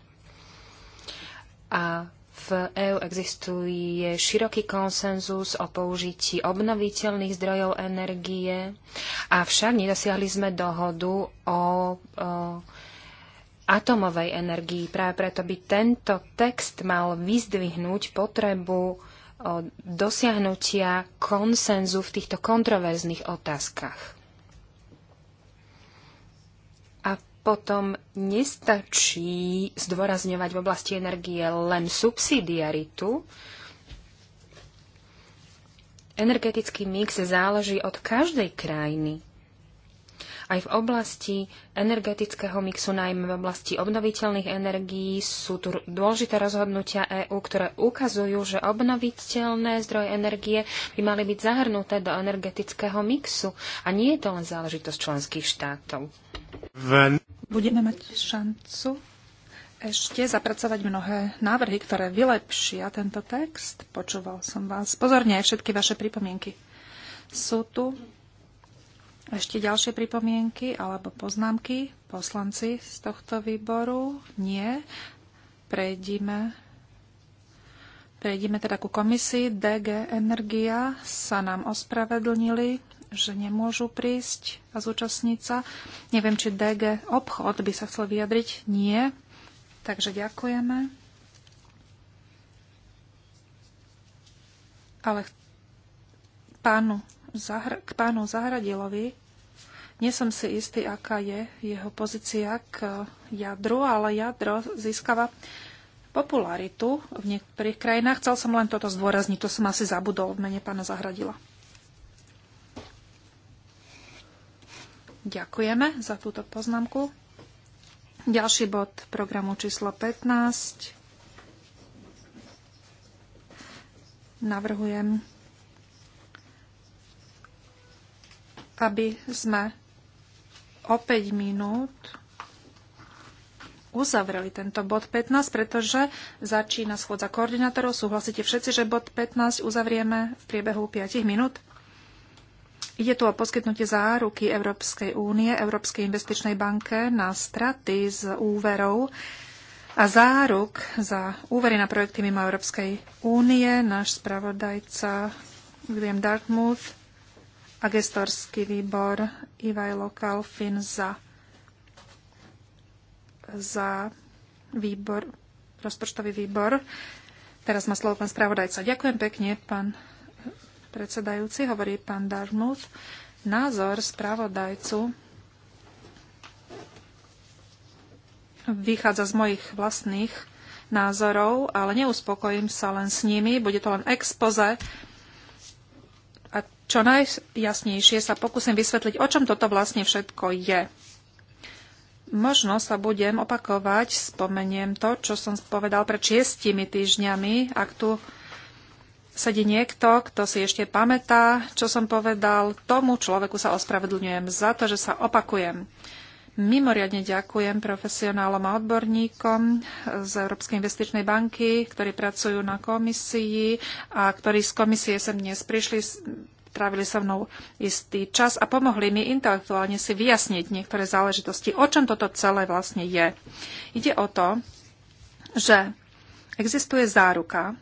Speaker 2: A v EÚ existuje široký konsenzus o použití obnoviteľných zdrojov energie, avšak nedosiahli sme dohodu o, o atomovej energii. Práve preto by tento text mal vyzdvihnúť potrebu dosiahnutia konsenzu v týchto kontroverzných otázkach. potom nestačí zdôrazňovať v oblasti energie len subsidiaritu. Energetický mix záleží od každej krajiny. Aj v oblasti energetického mixu, najmä v oblasti obnoviteľných energií, sú tu dôležité rozhodnutia EÚ, ktoré ukazujú, že obnoviteľné zdroje energie by mali byť zahrnuté do energetického mixu. A nie je to len záležitosť členských štátov. Ven budeme mať šancu ešte zapracovať mnohé
Speaker 1: návrhy, ktoré vylepšia tento text. Počúval som vás pozorne aj všetky vaše pripomienky. Sú tu ešte ďalšie pripomienky alebo poznámky poslanci z tohto výboru? Nie. Prejdime Prejdime teda ku komisii. DG Energia sa nám ospravedlnili že nemôžu prísť a zúčastniť sa. Neviem, či DG obchod by sa chcel vyjadriť. Nie. Takže ďakujeme. Ale pánu Zahra- k pánu Zahradilovi nie som si istý, aká je jeho pozícia k jadru, ale jadro získava popularitu v niektorých krajinách. Chcel som len toto zdôrazniť, to som asi zabudol v mene pána Zahradila. Ďakujeme za túto poznámku. Ďalší bod programu číslo 15. Navrhujem, aby sme o 5 minút uzavreli tento bod 15, pretože začína schôdza koordinátorov. Súhlasíte všetci, že bod 15 uzavrieme v priebehu 5 minút? Ide tu o poskytnutie záruky Európskej únie, Európskej investičnej banke na straty z úverov a záruk za úvery na projekty mimo Európskej únie. Náš spravodajca William Dartmouth a gestorský výbor Ivajlo Kalfin za, za výbor, rozpočtový výbor. Teraz má slovo pán spravodajca. Ďakujem pekne, pán predsedajúci, hovorí pán Darmuth. Názor spravodajcu vychádza z mojich vlastných názorov, ale neuspokojím sa len s nimi, bude to len expoze. A čo najjasnejšie sa pokúsim vysvetliť, o čom toto vlastne všetko je. Možno sa budem opakovať, spomeniem to, čo som povedal pred šiestimi týždňami, ak tu sedí niekto, kto si ešte pamätá, čo som povedal. Tomu človeku sa ospravedlňujem za to, že sa opakujem. Mimoriadne ďakujem profesionálom a odborníkom z Európskej investičnej banky, ktorí pracujú na komisii a ktorí z komisie sem dnes prišli, trávili so mnou istý čas a pomohli mi intelektuálne si vyjasniť niektoré záležitosti, o čom toto celé vlastne je. Ide o to, že existuje záruka,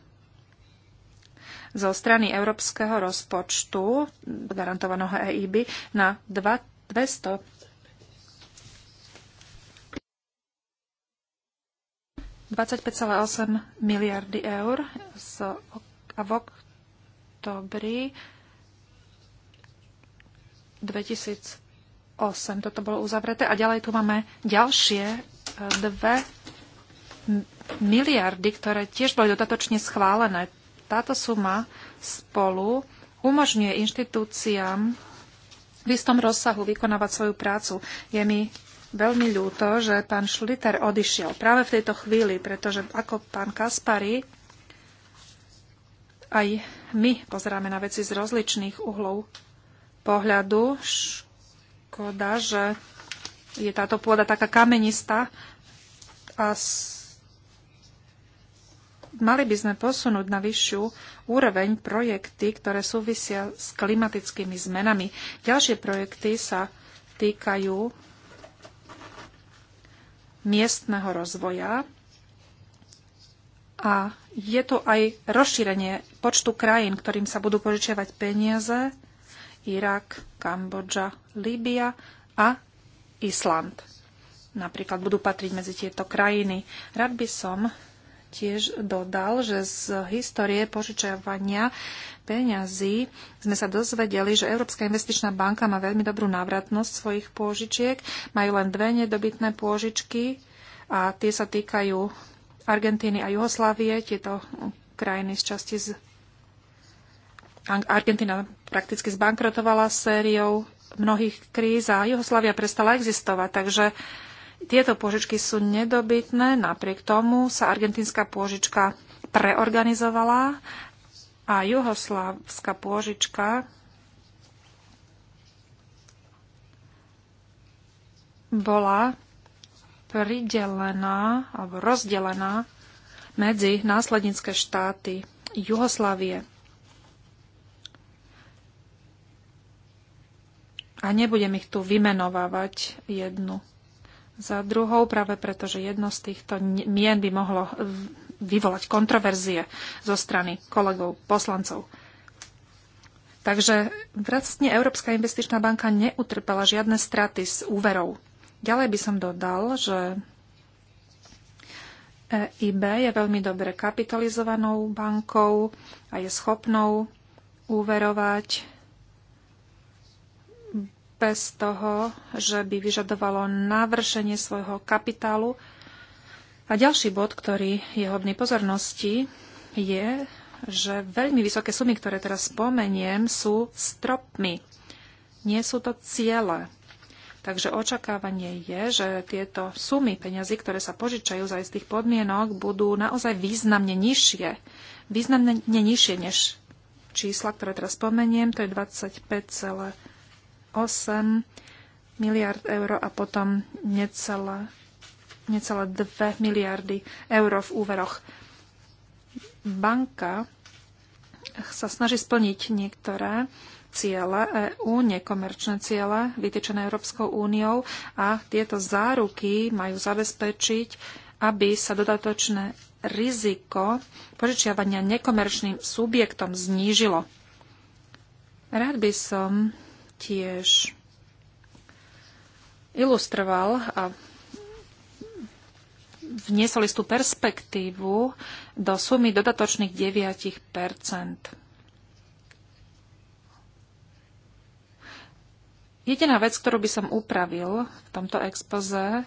Speaker 1: zo strany európskeho rozpočtu, garantovaného EIB, na 200 25,8 miliardy eur z, a v oktobri 2008 toto bolo uzavreté. A ďalej tu máme ďalšie e, dve miliardy, ktoré tiež boli dodatočne schválené táto suma spolu umožňuje inštitúciám v istom rozsahu vykonávať svoju prácu. Je mi veľmi ľúto, že pán Šliter odišiel práve v tejto chvíli, pretože ako pán Kaspari, aj my pozeráme na veci z rozličných uhlov pohľadu. Škoda, že je táto pôda taká kamenistá a mali by sme posunúť na vyššiu úroveň projekty, ktoré súvisia s klimatickými zmenami. Ďalšie projekty sa týkajú miestneho rozvoja a je tu aj rozšírenie počtu krajín, ktorým sa budú požičiavať peniaze. Irak, Kambodža, Líbia a Island. Napríklad budú patriť medzi tieto krajiny. Rád by som tiež dodal, že z histórie požičiavania peňazí sme sa dozvedeli, že Európska investičná banka má veľmi dobrú návratnosť svojich pôžičiek. Majú len dve nedobytné pôžičky a tie sa týkajú Argentíny a Juhoslávie, tieto krajiny z časti z... Argentína prakticky zbankrotovala sériou mnohých kríz a Juhoslávia prestala existovať, takže uh, tieto pôžičky sú nedobytné, napriek tomu sa argentínska pôžička preorganizovala a juhoslávska pôžička bola pridelená alebo rozdelená medzi následnícke štáty Juhoslávie. A nebudem ich tu vymenovávať jednu za druhou, práve preto, že jedno z týchto mien by mohlo vyvolať kontroverzie zo strany kolegov, poslancov. Takže vlastne Európska investičná banka neutrpela žiadne straty z úverov. Ďalej by som dodal, že EIB je veľmi dobre kapitalizovanou bankou a je schopnou úverovať bez toho, že by vyžadovalo navršenie svojho kapitálu. A ďalší bod, ktorý je hodný pozornosti, je, že veľmi vysoké sumy, ktoré teraz spomeniem, sú stropmi. Nie sú to ciele. Takže očakávanie je, že tieto sumy peňazí, ktoré sa požičajú za istých podmienok, budú naozaj významne nižšie. Významne nižšie než čísla, ktoré teraz spomeniem, to je miliard eur a potom necelé, necelé 2 miliardy eur v úveroch. Banka sa snaží splniť niektoré ciele EU nekomerčné ciele vytýčené Európskou úniou a tieto záruky majú zabezpečiť, aby sa dodatočné riziko požičiavania nekomerčným subjektom znížilo. Rád by som tiež ilustroval a vniesol istú perspektívu do sumy dodatočných 9 Jediná vec, ktorú by som upravil v tomto expoze,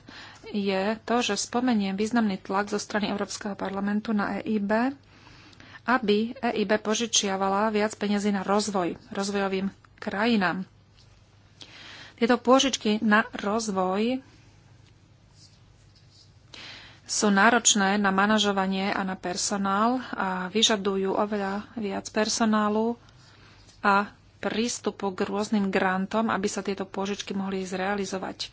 Speaker 1: je to, že spomeniem významný tlak zo strany Európskeho parlamentu na EIB, aby EIB požičiavala viac peniazy na rozvoj rozvojovým krajinám. Tieto pôžičky na rozvoj sú náročné na manažovanie a na personál a vyžadujú oveľa viac personálu a prístupu k rôznym grantom, aby sa tieto pôžičky mohli zrealizovať.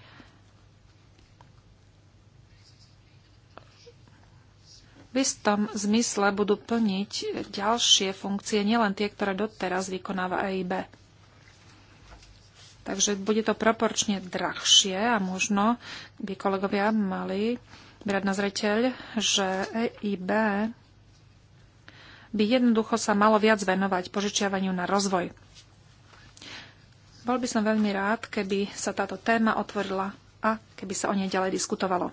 Speaker 1: V istom zmysle budú plniť ďalšie funkcie, nielen tie, ktoré doteraz vykonáva EIB. Takže bude to proporčne drahšie a možno by kolegovia mali brať na zreteľ, že EIB by jednoducho sa malo viac venovať požičiavaniu na rozvoj. Bol by som veľmi rád, keby sa táto téma otvorila a keby sa o nej ďalej diskutovalo.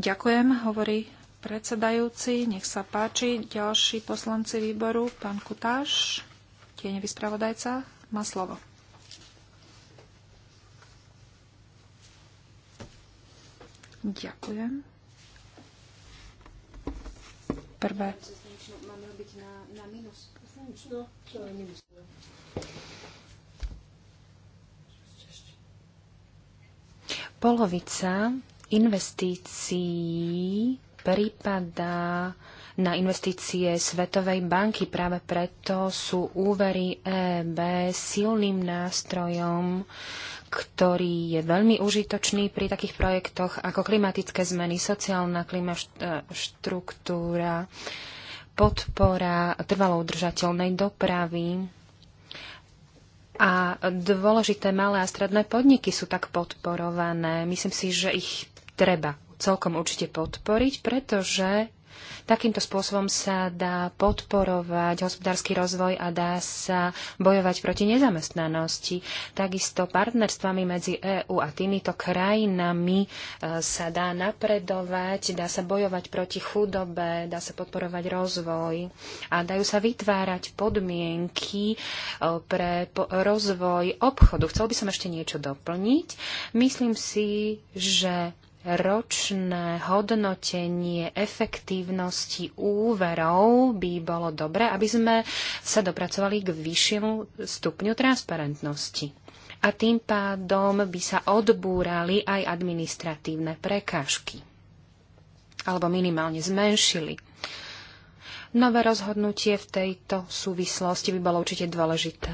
Speaker 1: Ďakujem, hovorí predsedajúci. Nech sa páči. Ďalší poslanci výboru, pán Kutáš, tieňový spravodajca, má slovo. Ďakujem. Prvé.
Speaker 2: Polovica investícií prípada na investície Svetovej banky. Práve preto sú úvery EB silným nástrojom, ktorý je veľmi užitočný pri takých projektoch ako klimatické zmeny, sociálna klima, e, štruktúra, podpora trvalo udržateľnej dopravy. A dôležité malé a stredné podniky sú tak podporované. Myslím si, že ich treba celkom určite podporiť, pretože Takýmto spôsobom sa dá podporovať hospodársky rozvoj a dá sa bojovať proti nezamestnanosti. Takisto partnerstvami medzi EÚ a týmito krajinami e, sa dá napredovať, dá sa bojovať proti chudobe, dá sa podporovať rozvoj a dajú sa vytvárať podmienky e, pre rozvoj obchodu. Chcel by som ešte niečo doplniť. Myslím si, že ročné hodnotenie efektívnosti úverov by bolo dobré, aby sme sa dopracovali k vyššiemu stupňu transparentnosti. A tým pádom by sa odbúrali aj administratívne prekážky. Alebo minimálne zmenšili. Nové rozhodnutie v tejto súvislosti by bolo určite dôležité.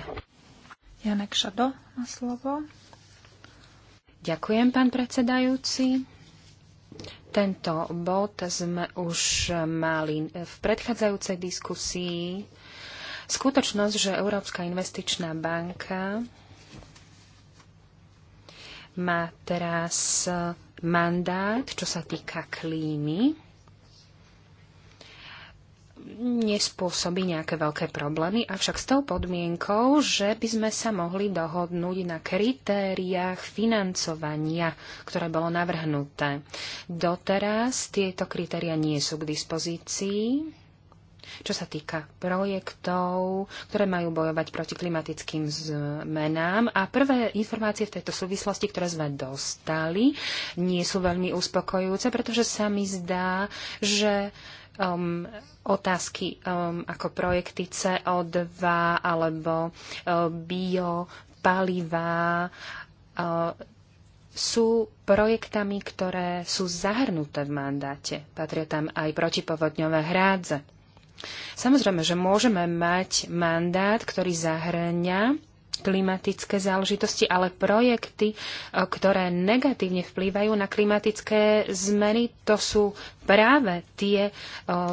Speaker 2: Janek Šado má slovo. Ďakujem, pán predsedajúci. Tento bod sme už mali v predchádzajúcej diskusii. Skutočnosť, že Európska investičná banka má teraz mandát, čo sa týka klímy nespôsobí nejaké veľké problémy, avšak s tou podmienkou, že by sme sa mohli dohodnúť na kritériách financovania, ktoré bolo navrhnuté. Doteraz tieto kritéria nie sú k dispozícii, čo sa týka projektov, ktoré majú bojovať proti klimatickým zmenám. A prvé informácie v tejto súvislosti, ktoré sme dostali, nie sú veľmi uspokojujúce, pretože sa mi zdá, že um, otázky um, ako projekty CO2 alebo uh, biopalivá uh, sú projektami, ktoré sú zahrnuté v mandáte. Patria tam aj protipovodňové hrádze. Samozrejme, že môžeme mať mandát, ktorý zahrňa klimatické záležitosti, ale projekty, e, ktoré negatívne vplývajú na klimatické zmeny, to sú práve tie e,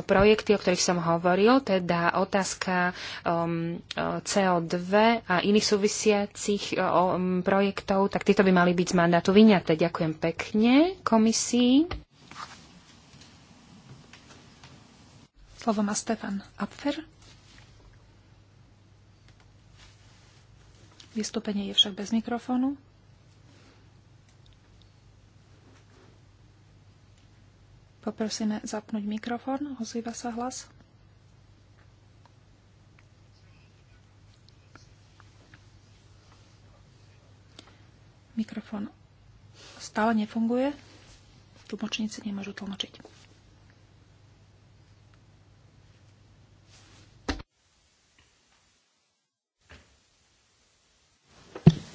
Speaker 2: projekty, o ktorých som hovoril, teda otázka um, e, CO2 a iných súvisiacich um, projektov, tak tieto by mali byť z mandátu vyňaté. Ďakujem pekne komisii. Slovo
Speaker 1: má Stefan Apfer. Vystúpenie je však bez mikrofónu. Poprosíme zapnúť mikrofón. Ozýva sa hlas. Mikrofón stále nefunguje. Tlmočníci nemôžu tlmočiť.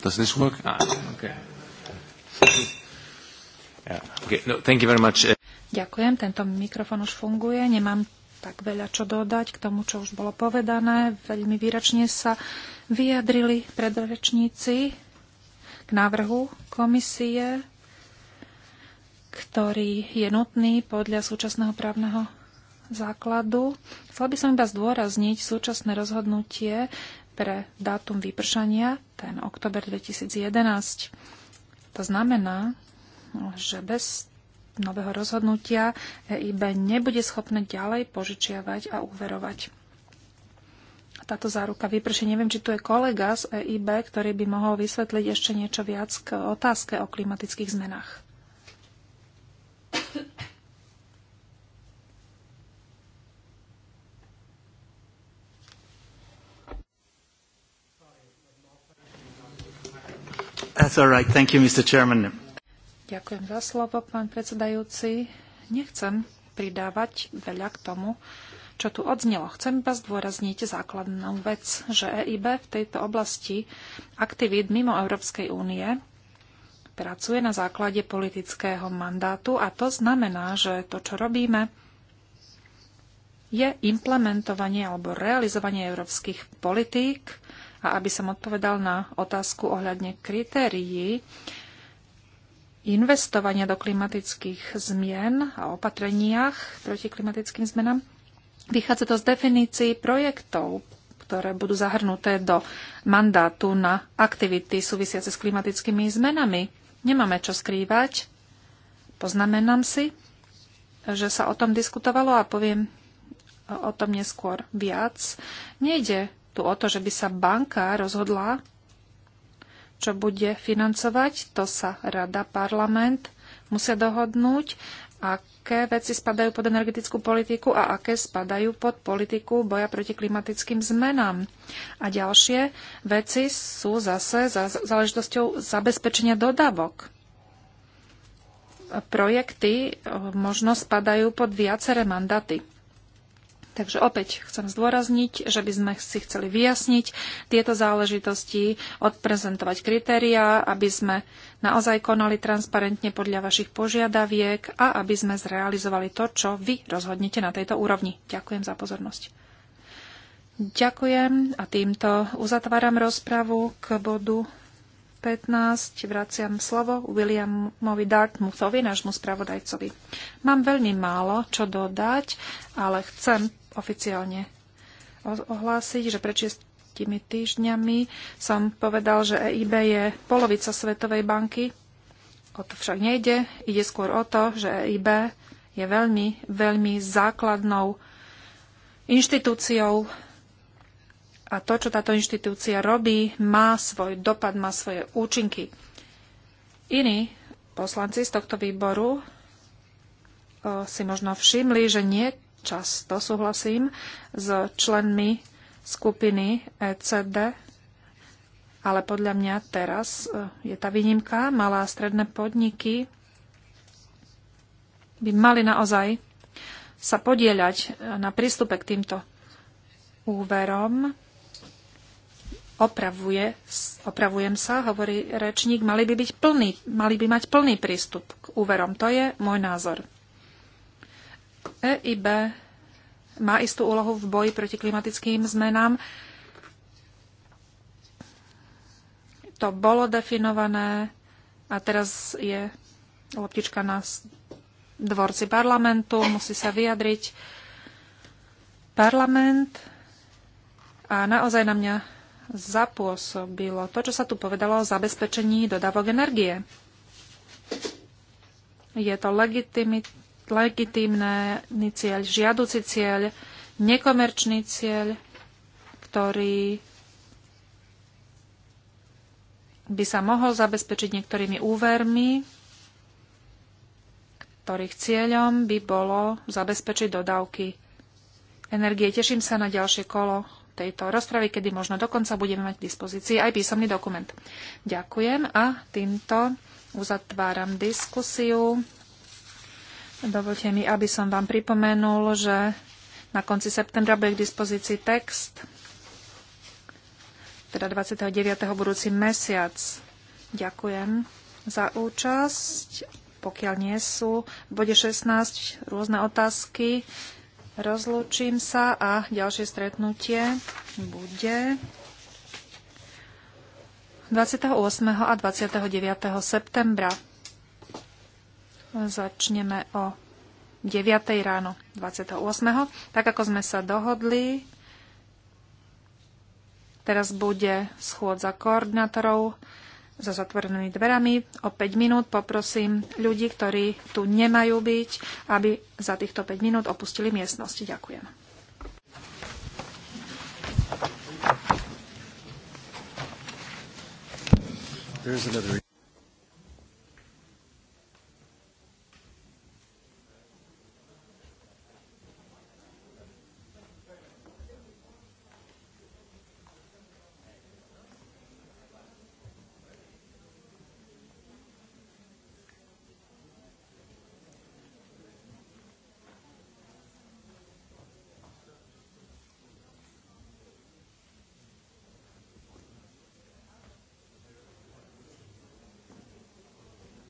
Speaker 2: Does this work? Ah, okay.
Speaker 3: Yeah. Okay. No, thank you very much.
Speaker 1: Ďakujem, tento mikrofon už funguje. Nemám tak veľa čo dodať k tomu, čo už bolo povedané. Veľmi výračne sa vyjadrili predrečníci k návrhu komisie, ktorý je nutný podľa súčasného právneho základu. Chcela by som iba zdôrazniť súčasné rozhodnutie pre dátum vypršania, ten oktober 2011. To znamená, že bez nového rozhodnutia EIB nebude schopné ďalej požičiavať a úverovať. Táto záruka vyprší. Neviem, či tu je kolega z EIB, ktorý by mohol vysvetliť ešte niečo viac k otázke o klimatických zmenách. That's all right. Thank you, Mr. Chairman. Ďakujem za slovo, pán predsedajúci. Nechcem pridávať veľa k tomu, čo tu odznelo. Chcem iba zdôrazniť základnú vec, že EIB v tejto oblasti aktivít mimo Európskej únie pracuje na základe politického mandátu a to znamená, že to, čo robíme, je implementovanie alebo realizovanie európskych politík a aby som odpovedal na otázku ohľadne kritérií investovania do klimatických zmien a opatreniach proti klimatickým zmenám, vychádza to z definícií projektov, ktoré budú zahrnuté do mandátu na aktivity súvisiace s klimatickými zmenami. Nemáme čo skrývať. Poznamenám si, že sa o tom diskutovalo a poviem o tom neskôr viac. Nejde tu o to, že by sa banka rozhodla, čo bude financovať. To sa rada, parlament musia dohodnúť, aké veci spadajú pod energetickú politiku a aké spadajú pod politiku boja proti klimatickým zmenám. A ďalšie veci sú zase za záležitosťou zabezpečenia dodávok projekty eh, možno spadajú pod viaceré mandaty. Takže opäť chcem zdôrazniť, že by sme si chceli vyjasniť tieto záležitosti, odprezentovať kritériá, aby sme naozaj konali transparentne podľa vašich požiadaviek a aby sme zrealizovali to, čo vy rozhodnete na tejto úrovni. Ďakujem za pozornosť. Ďakujem a týmto uzatváram rozpravu k bodu 15. Vraciam slovo Williamovi Dartmouthovi, nášmu spravodajcovi. Mám veľmi málo čo dodať, ale chcem oficiálne ohlásiť, že pred šiestimi týždňami som povedal, že EIB je polovica Svetovej banky. O to však nejde. Ide skôr o to, že EIB je veľmi, veľmi základnou inštitúciou a to, čo táto inštitúcia robí, má svoj dopad, má svoje účinky. Iní poslanci z tohto výboru si možno všimli, že nie často súhlasím s členmi skupiny ECD, ale podľa mňa teraz eh, je tá výnimka. Malé a stredné podniky by mali naozaj sa podieľať eh, na prístupe k týmto úverom. Opravuje, opravujem sa, hovorí rečník, mali by, byť plný, mali by mať plný prístup k úverom. To je môj názor. EIB má istú úlohu v boji proti klimatickým zmenám. To bolo definované a teraz je loptička na dvorci parlamentu, musí sa vyjadriť parlament a naozaj na mňa zapôsobilo to, čo sa tu povedalo o zabezpečení dodávok energie. Je to legitimita legitímny cieľ, žiaduci cieľ, nekomerčný cieľ, ktorý by sa mohol zabezpečiť niektorými úvermi, ktorých cieľom by bolo zabezpečiť dodávky energie. Teším sa na ďalšie kolo tejto rozpravy, kedy možno dokonca budeme mať k dispozícii aj písomný dokument. Ďakujem a týmto uzatváram diskusiu. Dovolte mi, aby som vám pripomenul, že na konci septembra bude k dispozícii text, teda 29. budúci mesiac. Ďakujem za účasť. Pokiaľ nie sú v bode 16 rôzne otázky, rozlúčim sa a ďalšie stretnutie bude 28. a 29. septembra. Začneme o 9. ráno 28. Tak ako sme sa dohodli, teraz bude schôdza koordinátorov za zatvorenými dverami. O 5 minút poprosím ľudí, ktorí tu nemajú byť, aby za týchto 5 minút opustili miestnosti. Ďakujem. There's another